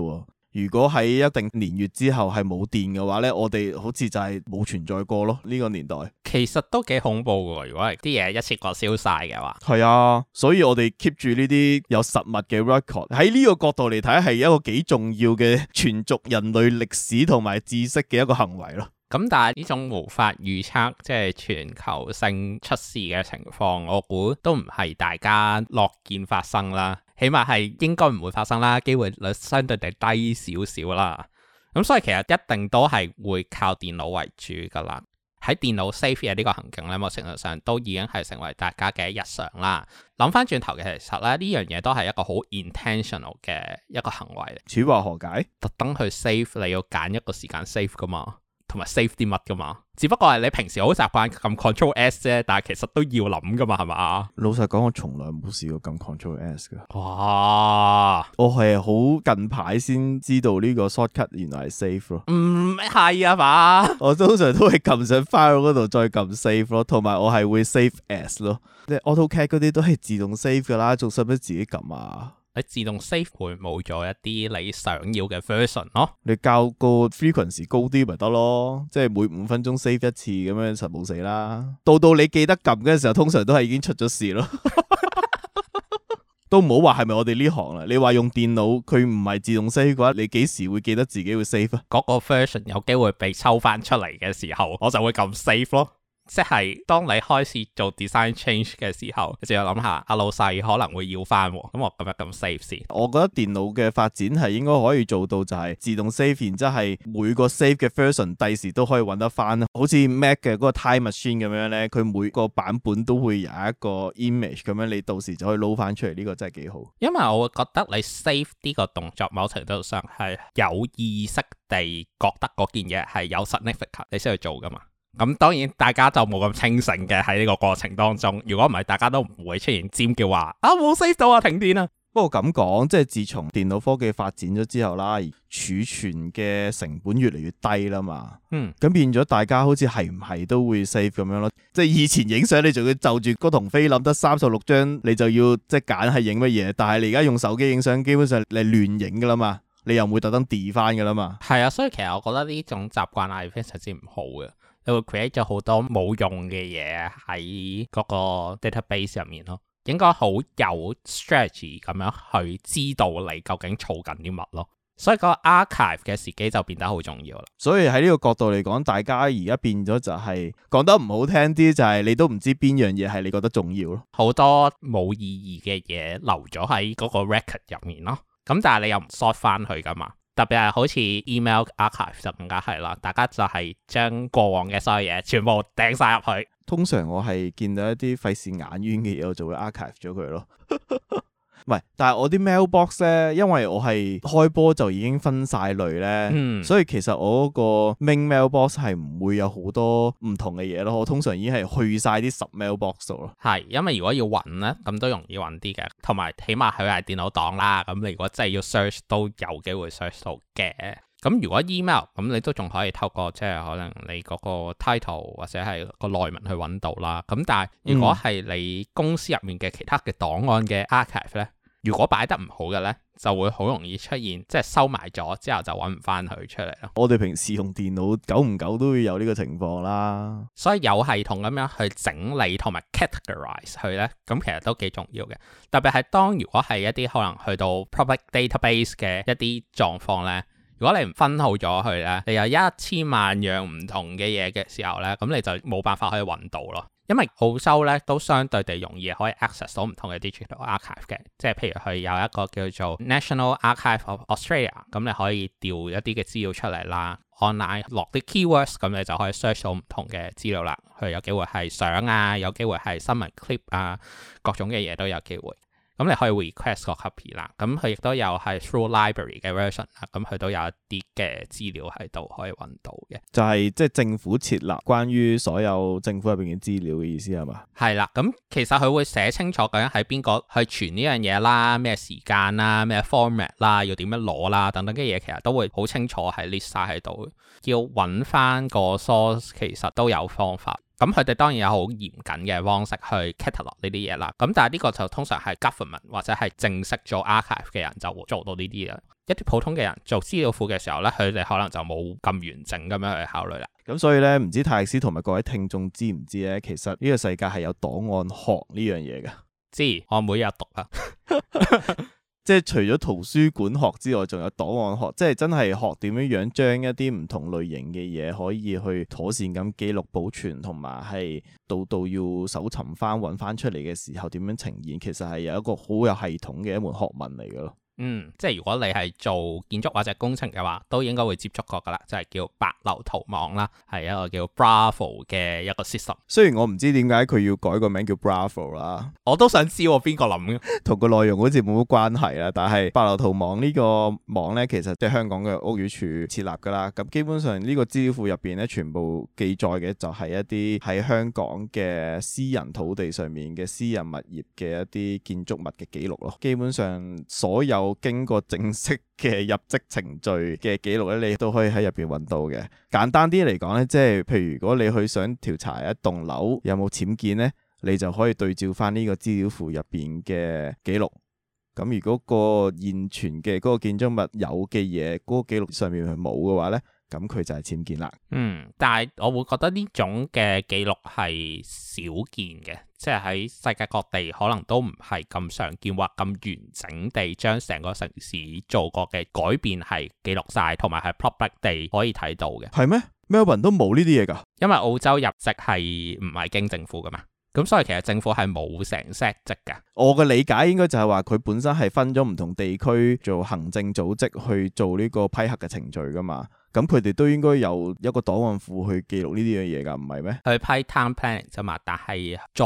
如果喺一定年月之後係冇電嘅話咧，我哋好似就係冇存在過咯呢個年代。其實都幾恐怖噶，如果係啲嘢一次過燒曬嘅話。係 啊，所以我哋 keep 住呢啲有實物嘅 record，喺呢個角度嚟睇係一個幾重要嘅存續人類歷史同埋知識嘅一個行為咯。咁但係呢種無法預測即係全球性出事嘅情況，我估都唔係大家樂見發生啦，起碼係應該唔會發生啦，機會率相對地低少少啦。咁所以其實一定都係會靠電腦為主噶啦。喺電腦 save 嘅呢個行徑呢，某程度上都已經係成為大家嘅日常啦。諗翻轉頭嘅其實咧，呢樣嘢都係一個好 intentional 嘅一個行為。此話何解？特登去 save，你要揀一個時間 save 噶嘛？同埋 save 啲乜噶嘛，只不過係你平時好習慣撳 control S 啫，但係其實都要諗噶嘛，係嘛？老實講，我從來冇試過撳 control S 噶。哇！我係好近排先知道呢個 shortcut 原來係 save 咯。唔係啊嘛，我通常都係撳上 file 嗰度再撳 save 咯，同埋我係會 save as 咯，即係 AutoCAD 嗰啲都係自動 save 噶啦，仲使唔使自己撳啊？你自動 save 會冇咗一啲你想要嘅 version 咯？你較個 frequency 高啲咪得咯？即係每五分鐘 save 一次咁樣實冇事啦。到到你記得撳嗰陣時候，通常都係已經出咗事咯。 都唔好話係咪我哋呢行啦？你話用電腦佢唔係自動 save 嘅話，你幾時會記得自己會 save 啊？嗰個 version 有機會被抽翻出嚟嘅時候，我就會撳 save 咯。即係當你開始做 design change 嘅時候，就要諗下阿老細可能會要翻，咁我咁樣咁 save 先。我覺得電腦嘅發展係應該可以做到，就係自動 save，然之後係每個 save 嘅 version，第時都可以揾得翻。好似 Mac 嘅嗰個 time machine 咁樣咧，佢每個版本都會有一個 image 咁樣，你到時就可以撈翻出嚟。呢個真係幾好。因為我會覺得你 save 呢個動作，某程度上係有意識地覺得嗰件嘢係有 significant，你先去做噶嘛。咁當然大家就冇咁清醒嘅喺呢個過程當中，如果唔係大家都唔會出現尖叫話啊冇 save 到啊停電啊。不過咁講，即係自從電腦科技發展咗之後啦，儲存嘅成本越嚟越低啦嘛。嗯，咁變咗大家好似係唔係都會 save 咁樣咯？即係以前影相你就要就住嗰筒菲林得三十六張，你就要即係揀係影乜嘢，但係你而家用手機影相，基本上你亂影噶啦嘛，你又唔會特登 delete 翻噶啦嘛。係啊，所以其實我覺得呢種習慣係非常之唔好嘅。佢會 create 咗好多冇用嘅嘢喺嗰個 database 入面咯，應該好有 strategy 咁樣去知道你究竟儲緊啲乜咯，所以個 archive 嘅時機就變得好重要啦。所以喺呢個角度嚟講，大家而家變咗就係講得唔好聽啲，就係你都唔知邊樣嘢係你覺得重要咯，好多冇意義嘅嘢留咗喺嗰個 record 入面咯，咁但係你又唔 sort 翻去噶嘛？特別係好似 email archive 就更加係啦，大家就係將過往嘅所有嘢全部掟晒入去。通常我係見到一啲費事眼冤嘅嘢，我就會 archive 咗佢咯。 唔係，但係我啲 mail box 咧，因為我係開波就已經分晒類咧，嗯、所以其實我嗰個 main mail box 係唔會有好多唔同嘅嘢咯。我通常已經係去晒啲 sub mail box 咯，啦。係，因為如果要揾咧，咁都容易揾啲嘅，同埋起碼佢係電腦檔啦。咁你如果真係要 search 都有機會 search 到嘅。咁如果 email 咁，你都仲可以透過即係可能你嗰個 title 或者係個內文去揾到啦。咁但係如果係你公司入面嘅其他嘅檔案嘅 archive 呢、嗯，如果擺得唔好嘅呢，就會好容易出現即係收埋咗之後就揾唔翻佢出嚟咯。我哋平時用電腦久唔久都會有呢個情況啦。所以有系統咁樣去整理同埋 categorize 佢呢，咁其實都幾重要嘅。特別係當如果係一啲可能去到 public database 嘅一啲狀況呢。如果你唔分好咗佢咧，你有一千萬樣唔同嘅嘢嘅時候咧，咁你就冇辦法可以揾到咯。因為澳洲咧都相對地容易可以 access 到唔同嘅 digital archive 嘅，即係譬如佢有一個叫做 National Archive of Australia，咁你可以調一啲嘅資料出嚟啦，online 落啲 keywords，咁你就可以 search 到唔同嘅資料啦。佢有機會係相啊，有機會係新聞 clip 啊，各種嘅嘢都有機會。咁你可以 request 個 copy 啦，咁佢亦都有係 through library 嘅 version 啦，咁佢都有一啲嘅資料喺度可以揾到嘅。就係即係政府設立關於所有政府入邊嘅資料嘅意思係嘛？係啦，咁其實佢會寫清楚究竟喺邊個去存呢樣嘢啦，咩時間啦，咩 format 啦，要點樣攞啦，等等嘅嘢其實都會好清楚係 list 曬喺度，要揾翻個 source 其實都有方法。咁佢哋當然有好嚴謹嘅方式去 catalog 呢啲嘢啦。咁但係呢個就通常係 government 或者係正式做 archive 嘅人就會做到呢啲嘢。一啲普通嘅人做資料庫嘅時候咧，佢哋可能就冇咁完整咁樣去考慮啦。咁所以咧，唔知泰師同埋各位聽眾知唔知咧？其實呢個世界係有檔案學呢樣嘢嘅。知，我每日讀啊。 即係除咗圖書館學之外，仲有檔案學，即係真係學點樣樣將一啲唔同類型嘅嘢可以去妥善咁記錄保存，同埋係到到要搜尋翻揾翻出嚟嘅時候點樣呈現，其實係有一個好有系統嘅一門學問嚟㗎咯。嗯，即係如果你係做建築或者工程嘅話，都應該會接觸過噶啦，就係、是、叫白樓圖網啦，係一個叫 Bravo 嘅一個 system。雖然我唔知點解佢要改個名叫 Bravo 啦，我都想知我邊個諗。同個內容好似冇乜關係啦，但係白樓圖網，網呢個網咧，其實即係香港嘅屋宇署設立噶啦。咁基本上呢個資料庫入邊咧，全部記載嘅就係一啲喺香港嘅私人土地上面嘅私人物業嘅一啲建築物嘅記錄咯。基本上所有。我經過正式嘅入職程序嘅記錄咧，你都可以喺入邊揾到嘅。簡單啲嚟講咧，即係譬如如果你去想調查一棟樓有冇僭建咧，你就可以對照翻呢個資料庫入邊嘅記錄。咁如果個現存嘅嗰個建築物有嘅嘢，嗰個記錄上面係冇嘅話咧，咁佢就係僭建啦。嗯，但係我會覺得呢種嘅記錄係少見嘅，即係喺世界各地可能都唔係咁常見或咁完整地將成個城市做過嘅改變係記錄晒，同埋係 public 地可以睇到嘅。係咩？Melbourne 都冇呢啲嘢噶，因為澳洲入籍係唔係經政府噶嘛，咁所以其實政府係冇成 set 職噶。我嘅理解應該就係話佢本身係分咗唔同地區做行政組織去做呢個批核嘅程序噶嘛。咁佢哋都應該有一個檔案庫去記錄呢啲樣嘢噶，唔係咩？去批 time plan 啫嘛，但係再之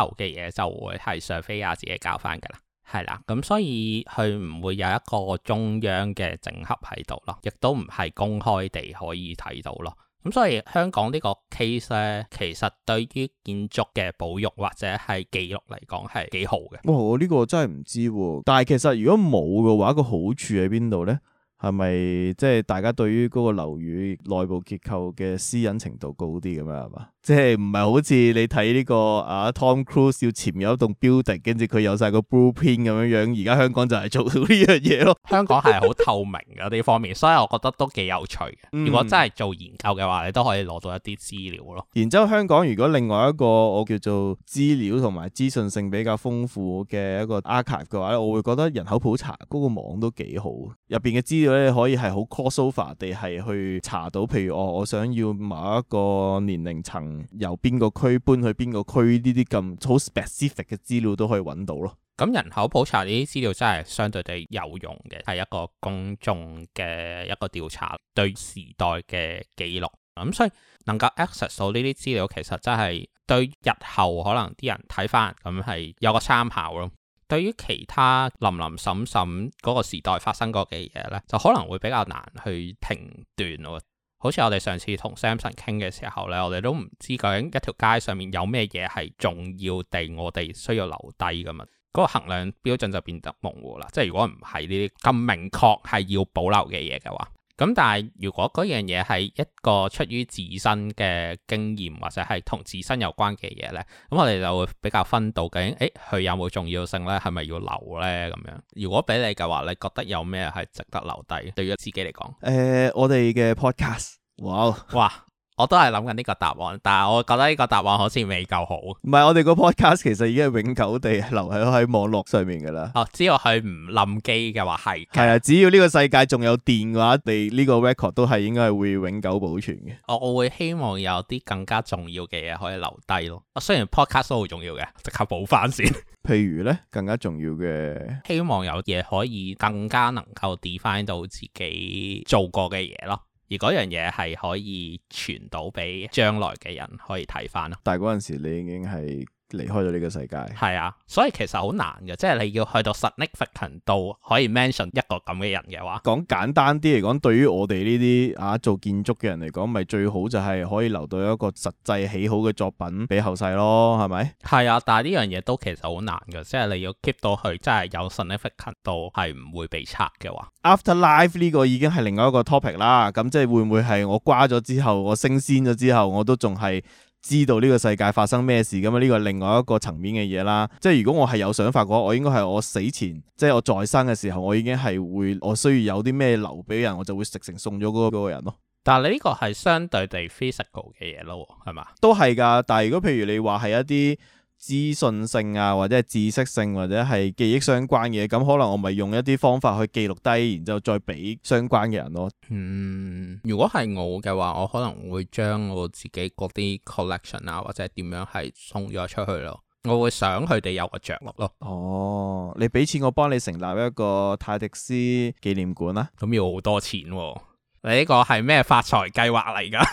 後嘅嘢就會係上飛亞自己搞翻噶啦，係啦。咁所以佢唔會有一個中央嘅整合喺度咯，亦都唔係公開地可以睇到咯。咁所以香港個呢個 case 咧，其實對於建築嘅保育或者係記錄嚟講係幾好嘅。哦這個，我呢個真係唔知喎，啊。但係其實如果冇嘅話，個好處喺邊度咧？係咪即係大家對於嗰個樓宇內部結構嘅私隱程度高啲咁樣係嘛？即係唔係好似你睇呢、這個啊 Tom Cruise 要潛入一棟 building，跟住佢有晒個 blue pin 咁樣樣。而家香港就係做到呢樣嘢咯。香港係好透明嘅呢方面， 所以我覺得都幾有趣嘅。如果真係做研究嘅話，你都可以攞到一啲資料咯。嗯、然之後香港如果另外一個我叫做資料同埋資訊性比較豐富嘅一個 archive 嘅話咧，我會覺得人口普查嗰個網都幾好，入邊嘅資料。咧可以係好 crossover 地係去查到，譬如我、哦、我想要某一個年齡層由邊個區搬去邊個區呢啲咁好 specific 嘅資料都可以揾到咯。咁人口普查呢啲資料真係相對地有用嘅，係一個公眾嘅一個調查，對時代嘅記錄。咁所以能夠 access 到呢啲資料，其實真係對日後可能啲人睇翻咁係有個參考咯。對於其他林林總總嗰個時代發生過嘅嘢咧，就可能會比較難去停斷咯。好似我哋上次同 Samson 傾嘅時候咧，我哋都唔知究竟一條街上面有咩嘢係重要嘅，我哋需要留低㗎嘛。嗰個衡量標準就變得模糊啦。即係如果唔係呢啲咁明確係要保留嘅嘢嘅話。咁但係如果嗰樣嘢係一個出於自身嘅經驗或者係同自身有關嘅嘢咧，咁我哋就會比較分到究竟，誒，佢有冇重要性咧？係咪要留咧？咁樣，如果俾你嘅話，你覺得有咩係值得留低？對於自己嚟講，誒，呃，我哋嘅 podcast，wow，哇，哇。我都係諗緊呢個答案，但係我覺得呢個答案好似未夠好。唔係，我哋個 podcast 其實已經係永久地留喺喺網絡上面㗎喇。哦，只要佢唔冧機嘅話，係。係啊，只要呢個世界仲有電嘅話，你、這、呢個 record 都係應該係會永久保存嘅。我、哦、我會希望有啲更加重要嘅嘢可以留低咯。我雖然 podcast 都好重要嘅，即刻補翻先。譬如咧，更加重要嘅，希望有嘢可以更加能夠 define 到自己做過嘅嘢咯。而嗰樣嘢係可以傳到畀將來嘅人可以睇返咯。但係嗰陣時你已經係，離開咗呢個世界，係啊，所以其實好難嘅，即係你要去到 significant 度可以 mention 一個咁嘅人嘅話，講簡單啲嚟講，對於我哋呢啲啊做建築嘅人嚟講，咪最好就係可以留到一個實際起好嘅作品俾後世咯，係咪？係啊，但係呢樣嘢都其實好難嘅，即係你要 keep 到佢真係有 significant 度係唔會被拆嘅話。Afterlife 呢個已經係另外一個 topic 啦，咁即係會唔會係我瓜咗之後，我升仙咗之後，我都仲係？知道呢個世界發生咩事咁啊？呢個另外一個層面嘅嘢啦，即係如果我係有想法嘅話，我應該係我死前，即係我再生嘅時候，我已經係會，我需要有啲咩留俾人，我就會直情送咗嗰個人咯。但你呢個係相對地 physical 嘅嘢咯，係嘛？都係㗎，但係如果譬如你話係一啲，資訊性啊，或者係知識性，或者係記憶相關嘅，咁可能我咪用一啲方法去記錄低，然之後再俾相關嘅人咯。嗯，如果係我嘅話，我可能會將我自己嗰啲 collection 啊，或者係點樣係送咗出去咯。我會想佢哋有個著落咯。哦，你俾錢我幫你成立一個泰迪斯紀念館啦、啊，咁要好多錢喎。.你呢個係咩發財計劃嚟噶？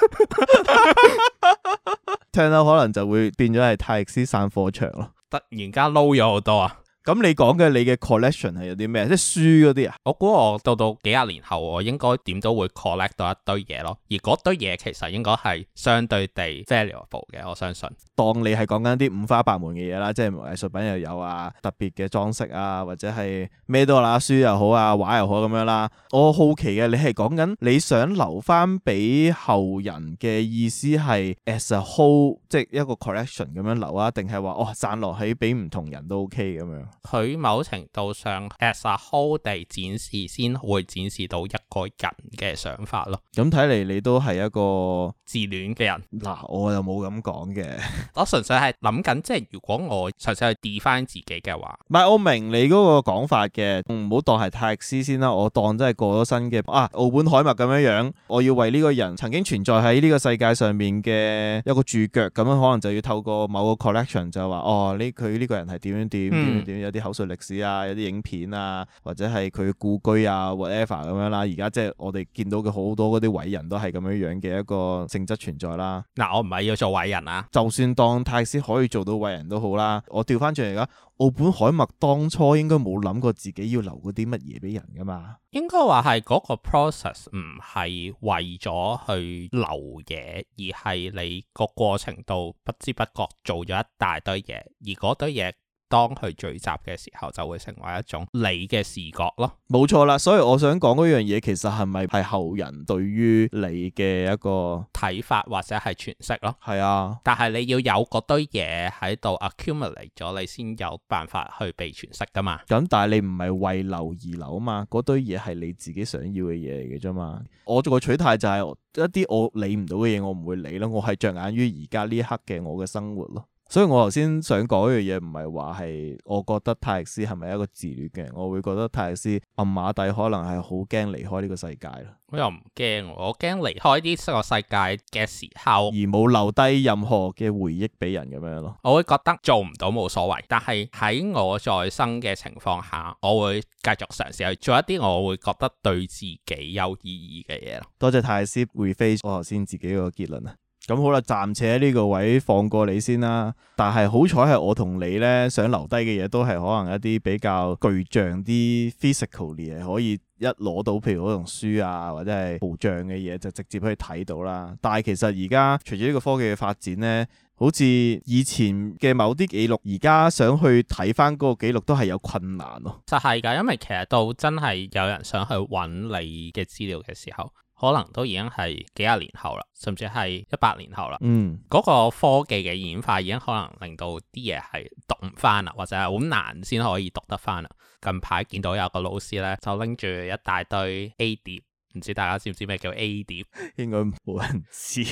聽到可能就會變咗係泰斯散貨場咯。突然間撈咗好多啊！咁你講嘅你嘅 collection 係有啲咩？即係書嗰啲啊？我估我到到幾廿年後，我應該點都會 collect 到一堆嘢咯。而嗰堆嘢其實應該係相對地 valuable 嘅。我相信當你係講緊啲五花八門嘅嘢啦，即係藝術品又有啊，特別嘅裝飾啊，或者係咩都啦，書又好啊，畫又好咁樣啦。我、哦、好奇嘅你係講緊你想留翻俾後人嘅意思係 as a whole，即係一個 collection 咁樣留啊，定係話哦散落喺俾唔同人都 OK 咁樣？佢某程度上 as a whole 地展示，先會展示到一個人嘅想法咯。咁睇嚟，你都係一個自戀嘅人。嗱、啊，我又冇咁講嘅， 我純粹係諗緊，即係如果我嘗試，試去 deal 翻自己嘅話。唔係，我明你嗰個講法嘅，唔、嗯、好當係泰斯先啦。我當真係過咗身嘅啊，奧本海默咁樣樣，我要為呢個人曾經存在喺呢個世界上面嘅一個註腳，咁樣可能就要透過某個 collection 就話，哦，呢佢呢個人係點樣點點點。有啲口述歷史啊，有啲影片啊，或者係佢故居啊，whatever 咁樣啦、啊。而家即係我哋見到嘅好多嗰啲偉人都係咁樣樣嘅一個性質存在啦、啊。嗱，我唔係要做偉人啊，就算當泰斯可以做到偉人都好啦、啊。我調翻轉嚟講，奧本海默當初應該冇諗過自己要留嗰啲乜嘢俾人噶嘛、啊？應該話係嗰個 process 唔係為咗去留嘢，而係你個過程度不知不覺做咗一大堆嘢，而嗰堆嘢，當佢聚集嘅時候，就會成為一種你嘅視覺咯。冇錯啦，所以我想講嗰樣嘢，其實係咪係後人對於你嘅一個睇法或者係詮釋咯？係啊，但係你要有嗰堆嘢喺度 accumulate 咗，你先有辦法去被詮釋噶嘛？咁但係你唔係為留而留啊嘛？嗰堆嘢係你自己想要嘅嘢嚟嘅啫嘛？我做個取態就係一啲我理唔到嘅嘢，我唔會理咯。我係着眼於而家呢一刻嘅我嘅生活咯。所以我頭先想講呢樣嘢，唔係話係，我覺得泰斯係咪一個自戀嘅人？我會覺得泰斯暗馬弟可能係好驚離開呢個世界咯。我又唔驚，我驚離開呢個世界嘅時候，而冇留低任何嘅回憶俾人咁樣咯。我會覺得做唔到冇所謂，但係喺我在生嘅情況下，我會繼續嘗試去做一啲我會覺得對自己有意義嘅嘢。多謝泰斯回飛我頭先自己個結論啊！咁好啦，暫且喺呢個位放過你先啦。但係好彩係我同你呢，想留低嘅嘢都係可能一啲比較具象啲 physical 嘅嘢，可以一攞到，譬如嗰種書啊，或者係圖像嘅嘢，就直接可以睇到啦。但係其實而家隨著呢個科技嘅發展呢，好似以前嘅某啲記錄，而家想去睇翻嗰個記錄都係有困難咯、啊。就係㗎，因為其實到真係有人想去揾你嘅資料嘅時候。可能都已經係幾廿年後啦，甚至係一百年後啦。嗯，嗰個科技嘅演化已經可能令到啲嘢係讀唔翻啦，或者係好難先可以讀得翻啦。近排見到有個老師咧，就拎住一大堆 A 碟，唔知大家知唔知咩叫 A 碟？應該冇人知。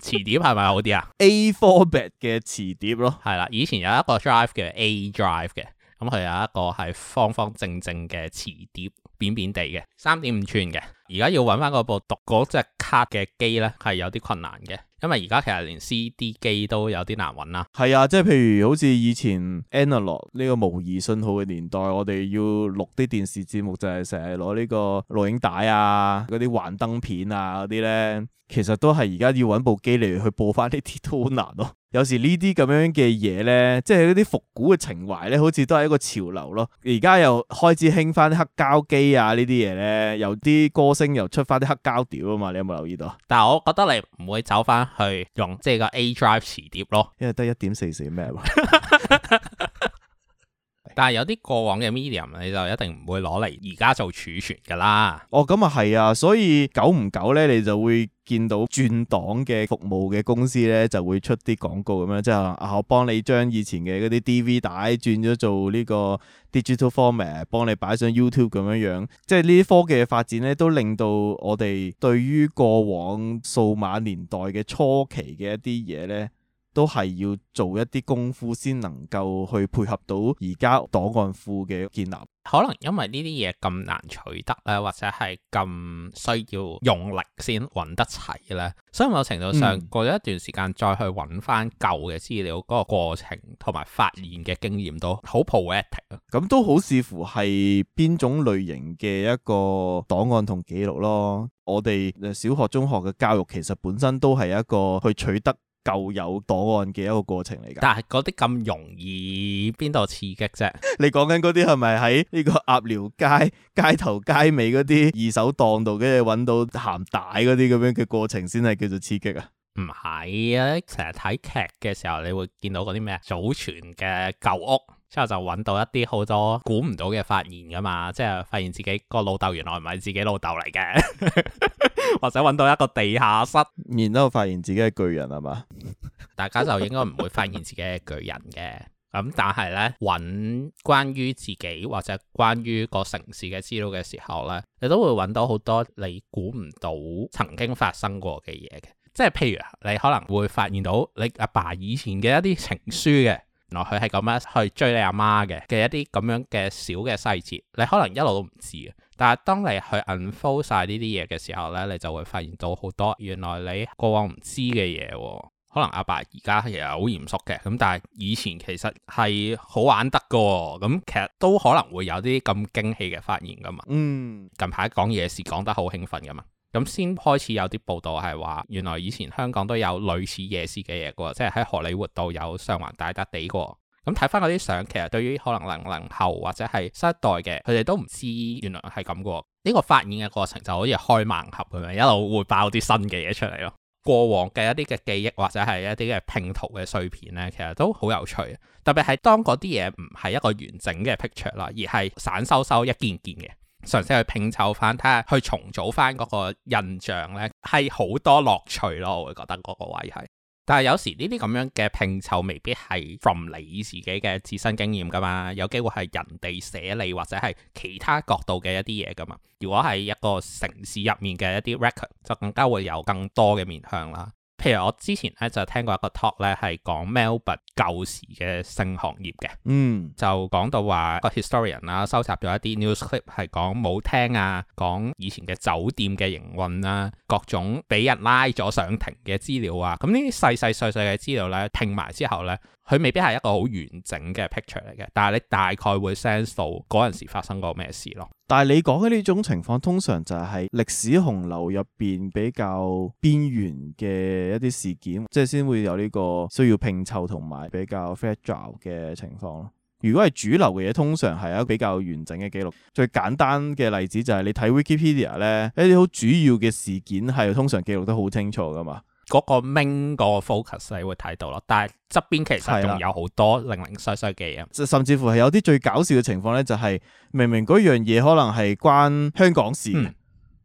磁 碟係咪好啲啊？A format 嘅磁碟咯，係啦。以前有一個 drive 叫 A drive 嘅，咁、嗯、佢有一個係方方正正嘅磁碟。扁扁地嘅，三點五寸嘅，而家要揾翻嗰部讀嗰隻卡嘅機呢，係有啲困難嘅，因為而家其實連 CD 機都有啲難揾啦。係啊，即係譬如好似以前 Analog 呢個模擬信號嘅年代，我哋要錄啲電視節目就係成日攞呢個錄影帶啊，嗰啲幻燈片啊嗰啲呢。其實都係而家要揾部機嚟去播翻呢啲都好難咯、啊。 有時呢啲咁樣嘅嘢呢，即係嗰啲復古嘅情懷呢，好似都係一個潮流咯。而家又開始興翻黑膠機啊，呢啲嘢呢，有啲歌星又出翻啲黑膠碟啊嘛。你有冇留意到？但係我覺得你唔會走翻去用即係、就是、個 A Drive 磁碟咯， 因為得一點四四咩。但係有啲過往嘅 medium，你就一定唔會攞嚟而家做儲存㗎啦。哦，咁啊係啊，所以久唔久咧，你就會見到轉檔嘅服務嘅公司咧，就會出啲廣告咁樣，即係我幫你將以前嘅嗰啲 DV 帶轉咗做呢個 digital format，幫你擺上 YouTube 咁樣樣。即係呢啲科技嘅發展咧，都令到我哋對於過往數碼年代嘅初期嘅一啲嘢咧。都係要做一啲功夫先能夠去配合到而家檔案庫嘅建立，可能因為呢啲嘢咁難取得咧，或者係咁需要用力先揾得齊嘅咧，所以某程度上過咗一段時間再去揾翻舊嘅資料嗰、嗯、個過程同埋發現嘅經驗都好 poetic 咁都好似乎係邊種類型嘅一個檔案同記錄咯。我哋小學中學嘅教育其實本身都係一個去取得。舊有檔案嘅一個過程嚟噶，但係嗰啲咁容易，邊度刺激啫？你講緊嗰啲係咪喺呢個鴨寮街街頭街尾嗰啲二手檔度，跟住搵到鹹帶嗰啲咁樣嘅過程，先係叫做刺激啊？唔係啊，成日睇劇嘅時候，你會見到嗰啲咩啊？祖傳嘅舊屋。之後就揾到一啲好多估唔到嘅發現㗎嘛，即、就、係、是、發現自己個老豆原來唔係自己老豆嚟嘅。 或者揾到一個地下室，然之後發現自己係巨人係嘛？ 大家就應該唔會發現自己係巨人嘅，咁、嗯、但係呢，揾關於自己或者關於個城市嘅資料嘅時候呢，你都會揾到好多你估唔到曾經發生過嘅嘢嘅，即係譬如、啊、你可能會發現到你阿爸，爸以前嘅一啲情書嘅。原來佢係咁樣去追你阿媽嘅嘅一啲咁樣嘅小嘅細節，你可能一路都唔知。但係當你去 unfold 晒呢啲嘢嘅時候呢，你就會發現到好多原來你過往唔知嘅嘢。可能阿爸而家其實好嚴肅嘅，咁但係以前其實係好玩得嘅。咁其實都可能會有啲咁驚喜嘅發現噶、嗯、嘛。嗯，近排講嘢時講得好興奮噶嘛。咁先開始有啲報道係話，原來以前香港都有類似夜市嘅嘢喎，即係喺荷里活道有上環大笪地嘅。咁睇翻嗰啲相，其實對於可能零零後或者係新一代嘅，佢哋都唔知原來係咁嘅。呢個發現嘅過程就好似開盲盒咁樣，一路會爆啲新嘅嘢出嚟咯。過往嘅一啲嘅記憶或者係一啲嘅拼圖嘅碎片呢，其實都好有趣。特別係當嗰啲嘢唔係一個完整嘅 picture 啦，而係散收收一件件嘅。嘗試去拼湊返，睇下去重組返嗰個印象呢，係好多樂趣咯。我會覺得嗰個位係，但係有時呢啲咁樣嘅拼湊未必係 from 你自己嘅自身經驗㗎嘛，有機會係人哋寫你或者係其他角度嘅一啲嘢㗎嘛。如果係一個城市入面嘅一啲 record，就更加會有更多嘅面向啦。譬如我之前咧就聽過一個 talk 咧係講 Melbourne 舊時嘅性行業嘅，嗯，就講到話、個 historian 啦、啊，收集咗一啲 news clip 係講舞廳啊，講以前嘅酒店嘅營運啊，各種俾人拉咗上庭嘅資料啊，咁呢啲細細碎碎嘅資料咧，聽埋之後咧。佢未必係一個好完整嘅 picture 嚟嘅，但係你大概會 sense 到嗰陣時發生過咩事咯。但係你講嘅呢種情況，通常就係歷史洪流入邊比較邊緣嘅一啲事件，即係先會有呢個需要拼湊同埋比較 fragile 嘅情況咯。如果係主流嘅嘢，通常係一個比較完整嘅記錄。最簡單嘅例子就係你睇 Wikipedia 咧，一啲好主要嘅事件係通常記錄得好清楚噶嘛。嗰個名嗰個 focus 你會睇到咯，但係側邊其實仲有好多零零碎碎嘅嘢，甚至乎係有啲最搞笑嘅情況呢，就係明明嗰樣嘢可能係關香港事，嗯、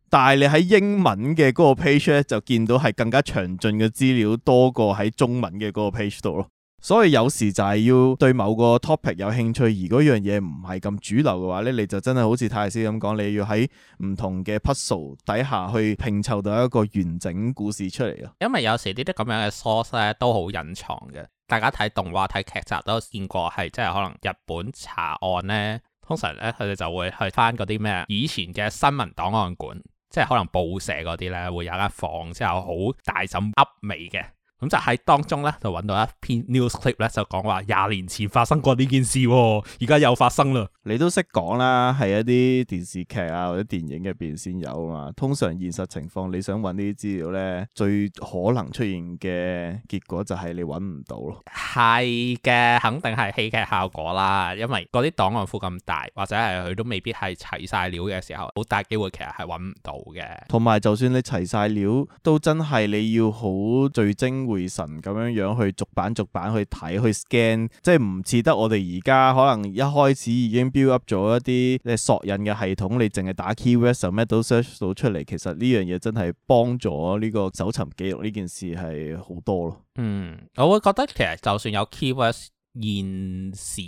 但係你喺英文嘅嗰個 page 咧，就見到係更加詳盡嘅資料多過喺中文嘅嗰個 page 度咯。所以有時就係要對某個 topic 有興趣，而嗰樣嘢唔係咁主流嘅話呢，你就真係好似泰師咁講，你要喺唔同嘅 puzzle 底下去拼湊到一個完整故事出嚟咯。因為有時呢呢呢啲咁樣嘅 source 都好隱藏嘅，大家睇動畫睇劇集都見過，係即係可能日本查案呢，通常呢，佢哋就會去翻嗰啲咩以前嘅新聞檔案館，即係可能報社嗰啲呢會有一間房，之後好大陣噏味嘅。咁就喺當中咧，就揾到一篇 news clip 咧，就講話廿年前發生過呢件事喎，而家又發生啦。你都識講啦，係一啲電視劇啊或者電影入邊先有啊嘛。通常現實情況，你想揾呢啲資料咧，最可能出現嘅結果就係你揾唔到咯。係嘅，肯定係戲劇效果啦，因為嗰啲檔案庫咁大，或者係佢都未必係齊晒料嘅時候，好大機會其實係揾唔到嘅。同埋就算你齊晒料，都真係你要好最精。回神咁樣樣去逐版逐版去睇去 scan，即係唔似得我哋而家可能一開始已經 build up 咗一啲即係索引嘅系統，你淨係打 keywords 咩都 search 到出嚟。其實呢樣嘢真係幫咗呢個搜尋記錄呢件事係好多咯。嗯，我會覺得其實就算有 keywords，現時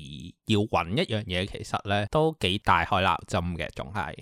要揾一樣嘢，其實咧都幾大海撈針嘅，仲係。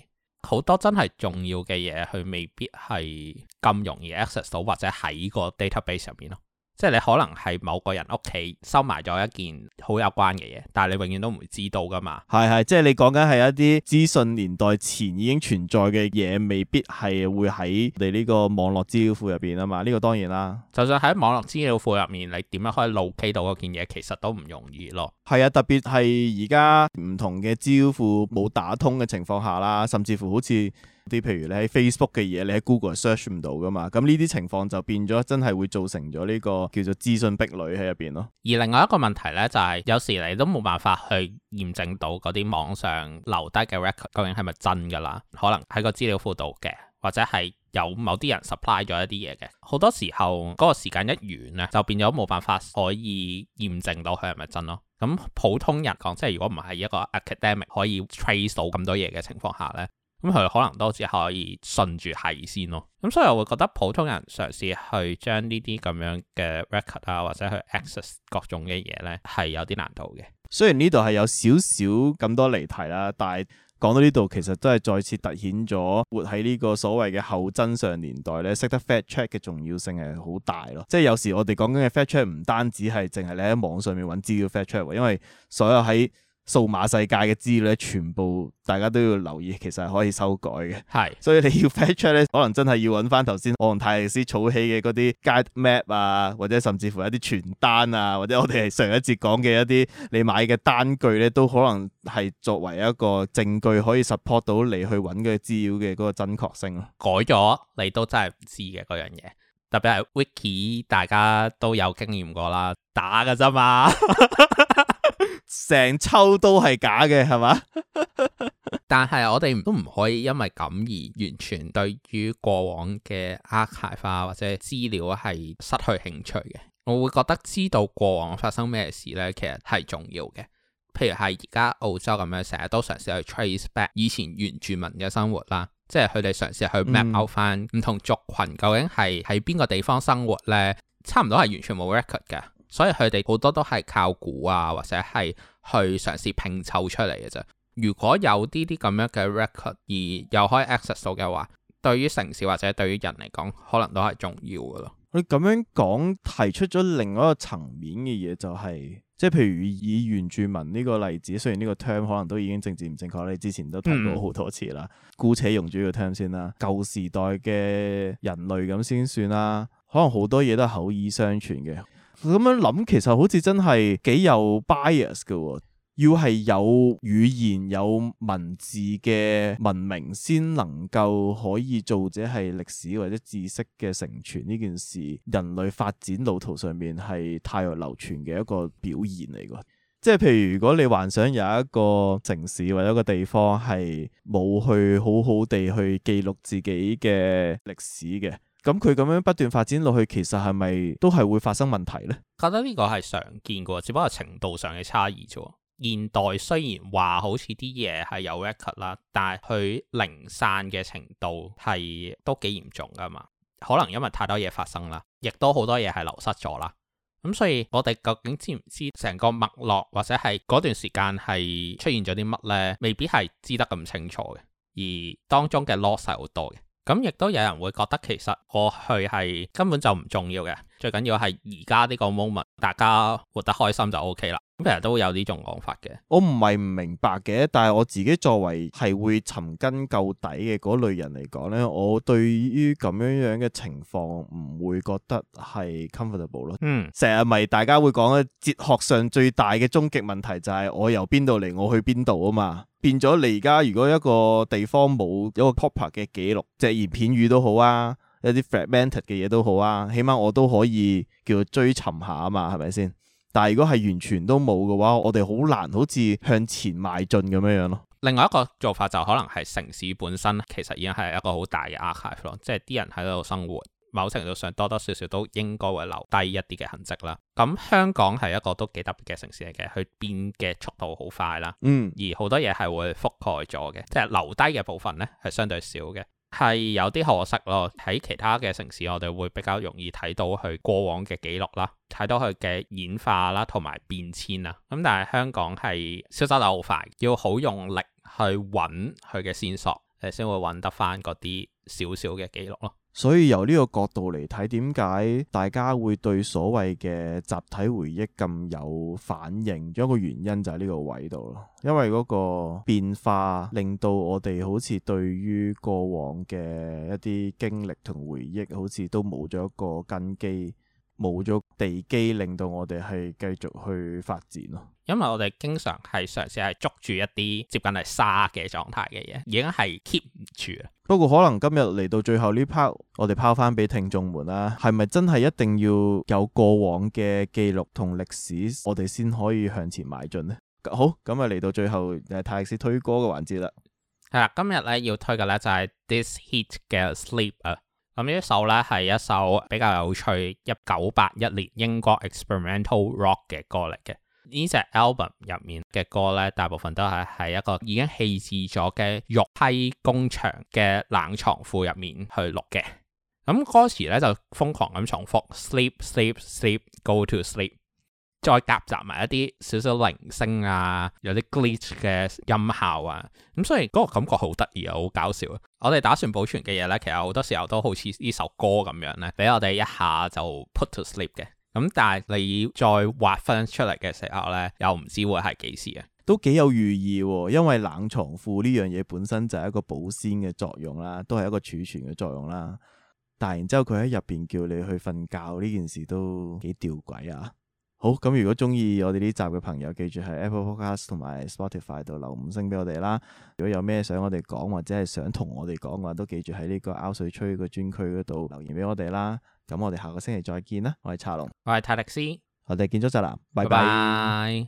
好多真係重要嘅嘢，佢未必係咁容易 access 到，或者喺個 database 上面咯。即係你可能係某個人屋企收埋咗一件好有關嘅嘢，但係你永遠都唔會知道噶嘛。係係，即係你講緊係一啲資訊年代前已經存在嘅嘢，未必係會喺你呢個網絡資料庫入邊啊嘛。呢個當然啦。就算喺網絡資料庫入面，你點樣可以攞到嗰件嘢，其實都唔容易咯。係啊，特別係而家唔同嘅資料庫冇打通嘅情況下啦，甚至乎好似。啲譬如你喺 Facebook 嘅嘢，你喺 Google search 唔到噶嘛？咁呢啲情況就變咗，真係會造成咗呢個叫做資訊壁壘喺入邊咯。而另外一個問題呢，就係有時你都冇辦法去驗證到嗰啲網上留低嘅 record 究竟係咪真噶啦？可能喺個資料庫度嘅，或者係有某啲人 supply 咗一啲嘢嘅。好多時候嗰個時間一完呢，就變咗冇辦法可以驗證到佢係咪真咯。咁普通人講，即係如果唔係一個 academic 可以 trace 到咁多嘢嘅情況下呢。咁佢可能都只可以順住係先咯，咁、嗯、所以我會覺得普通人嘗試去將呢啲咁樣嘅 record 啊，或者去 access 各種嘅嘢咧，係有啲難度嘅。雖然呢度係有少少咁多離題啦，但係講到呢度其實都係再次凸顯咗活喺呢個所謂嘅後真相年代咧，識得 fact check 嘅重要性係好大咯。即係有時我哋講緊嘅 fact check 唔單止係淨係你喺網上面揾資料 fact check 喎，因為所有喺數碼世界嘅資料咧，全部大家都要留意，其實係可以修改嘅。係是，所以你要 patch 咧，可能真係要揾翻頭先，我同泰尼斯儲起嘅嗰啲 guide map 啊，或者甚至乎一啲傳單啊，或者我哋係上一節講嘅一啲你買嘅單據咧，都可能係作為一個證據，可以 support 到你去揾嘅資料嘅嗰個準確性咯。改咗你都真係唔知嘅嗰樣嘢，特別係 wiki，大家都有經驗過啦，打嘅啫嘛。 成抽都係假嘅，係嘛？ 但係我哋都唔可以因為咁而完全對於過往嘅 archive 或者資料係失去興趣嘅。我會覺得知道過往發生咩事呢，其實係重要嘅。譬如係而家澳洲咁樣，成日都嘗試去 trace back 以前原住民嘅生活啦，即係佢哋嘗試去 map out 翻，唔、嗯、同族群究竟係喺邊個地方生活呢？差唔多係完全冇 record 嘅。所以佢哋好多都係靠估啊，或者係去嘗試拼湊出嚟嘅啫。如果有啲啲咁樣嘅 record 而又可以 access 到嘅話，對於城市或者對於人嚟講，可能都係重要嘅咯。你咁樣講，提出咗另外一個層面嘅嘢，就係，就係即係，譬如以原住民呢個例子，雖然呢個 term 可能都已經政治唔正確，你之前都提過好多次啦，嗯、姑且用住呢個 term 先啦。舊時代嘅人類咁先算啦，可能好多嘢都係口耳相傳嘅。咁樣諗其實好似真係幾有 bias 嘅喎、哦，要係有語言有文字嘅文明，先能夠可以做者係歷史或者知識嘅承傳呢件事。人類發展路途上面係太過流傳嘅一個表現嚟嘅。即係譬如，如果你幻想有一個城市或者一個地方係冇去好好地去記錄自己嘅歷史嘅。咁佢咁樣不斷發展落去，其實係咪都係會發生問題呢？覺得呢個係常見嘅，只不過係程度上嘅差異啫。現代雖然話好似啲嘢係有 record 啦，但係佢零散嘅程度係都幾嚴重噶嘛。可能因為太多嘢發生啦，亦都好多嘢係流失咗啦。咁所以我哋究竟知唔知成個脈絡或者係嗰段時間係出現咗啲乜呢？未必係知得咁清楚嘅，而當中嘅 loss 係好多嘅。咁亦都有人會覺得其實過去係根本就唔重要嘅，最緊要係而家呢個 moment，大家活得開心就 OK 啦。成日都有呢種講法嘅，我唔係唔明白嘅，但係我自己作為係會尋根究底嘅嗰類人嚟講咧，我對於咁樣樣嘅情況唔會覺得係 comfortable 咯。嗯，成日咪大家會講咧，哲學上最大嘅終極問題就係我由邊度嚟，我去邊度啊嘛。變咗你而家，如果一個地方冇一個 proper 嘅記錄，隻言片語都好啊，一啲 fragmented 嘅嘢都好啊，起碼我都可以叫做追尋下啊嘛，係咪先？但係如果係完全都冇嘅話，我哋好難好似向前邁進咁樣樣咯。另外一個做法就可能係城市本身，其實已經係一個好大嘅 archive 咯，即係啲人喺度生活，某程度上多多少少都應該會留低一啲嘅痕跡啦。咁香港係一個都幾特別嘅城市嚟嘅，佢變嘅速度好快啦，嗯，而好多嘢係會覆蓋咗嘅，嗯、即係留低嘅部分呢係相對少嘅。係有啲可惜咯，喺其他嘅城市，我哋會比較容易睇到佢過往嘅記錄啦，睇到佢嘅演化啦，同埋變遷啊。咁但係香港係消失得好快，要好用力去揾佢嘅線索，誒，先會揾得翻嗰啲少少嘅記錄咯。所以由呢個角度嚟睇，點解大家會對所謂嘅集體回憶咁有反應？有一個原因就係呢個位度咯，因為嗰個變化令到我哋好似對於過往嘅一啲經歷同回憶，好似都冇咗一個根基。冇咗地基，令到我哋係繼續去發展咯。因為我哋經常係嘗試係捉住一啲接近係沙嘅狀態嘅嘢，已經係 keep 唔住啊。不過可能今日嚟到最後呢 part，我哋拋翻俾聽眾們啦，係咪真係一定要有過往嘅記錄同歷史，我哋先可以向前邁進呢？好，咁啊嚟到最後誒泰式推歌嘅環節啦。係啦，今日咧要推嘅咧就係、是、This Heat Get Sleep 啊、uh。咁呢一首呢係一首比較有趣，一九八一年英國 Experimental Rock 嘅歌嚟嘅。呢隻 album 入面嘅歌呢，大部分都係喺一個已經棄置咗嘅肉批工場嘅冷藏庫入面去錄嘅。咁、嗯、歌詞呢，就瘋狂咁重複：sleep, sleep, sleep, go to sleep。再夾雜埋一啲少少鈴聲啊，有啲 glitch 嘅音效啊，咁所以嗰個感覺好得意啊，好搞笑啊！我哋打算保存嘅嘢呢，其實好多時候都好似呢首歌咁樣呢，俾我哋一下就 put to sleep 嘅。咁但係你再挖翻出嚟嘅時候呢，又唔知會係幾時啊？都幾有寓意，因為冷藏庫呢樣嘢本身就係一個保鮮嘅作用啦，都係一個儲存嘅作用啦。但係然之後佢喺入邊叫你去瞓覺呢件事都幾吊詭啊！好咁，如果鍾意我哋呢集嘅朋友，記住喺 Apple Podcast 同埋 Spotify 度留五星俾我哋啦。如果有咩想我哋講，或者係想同我哋講嘅話，都記住喺呢個 Out 水吹個專區嗰度留言俾我哋啦。咁我哋下個星期再見啦。我係查龍，我係泰力斯，我哋見咗就啦，拜拜。Bye bye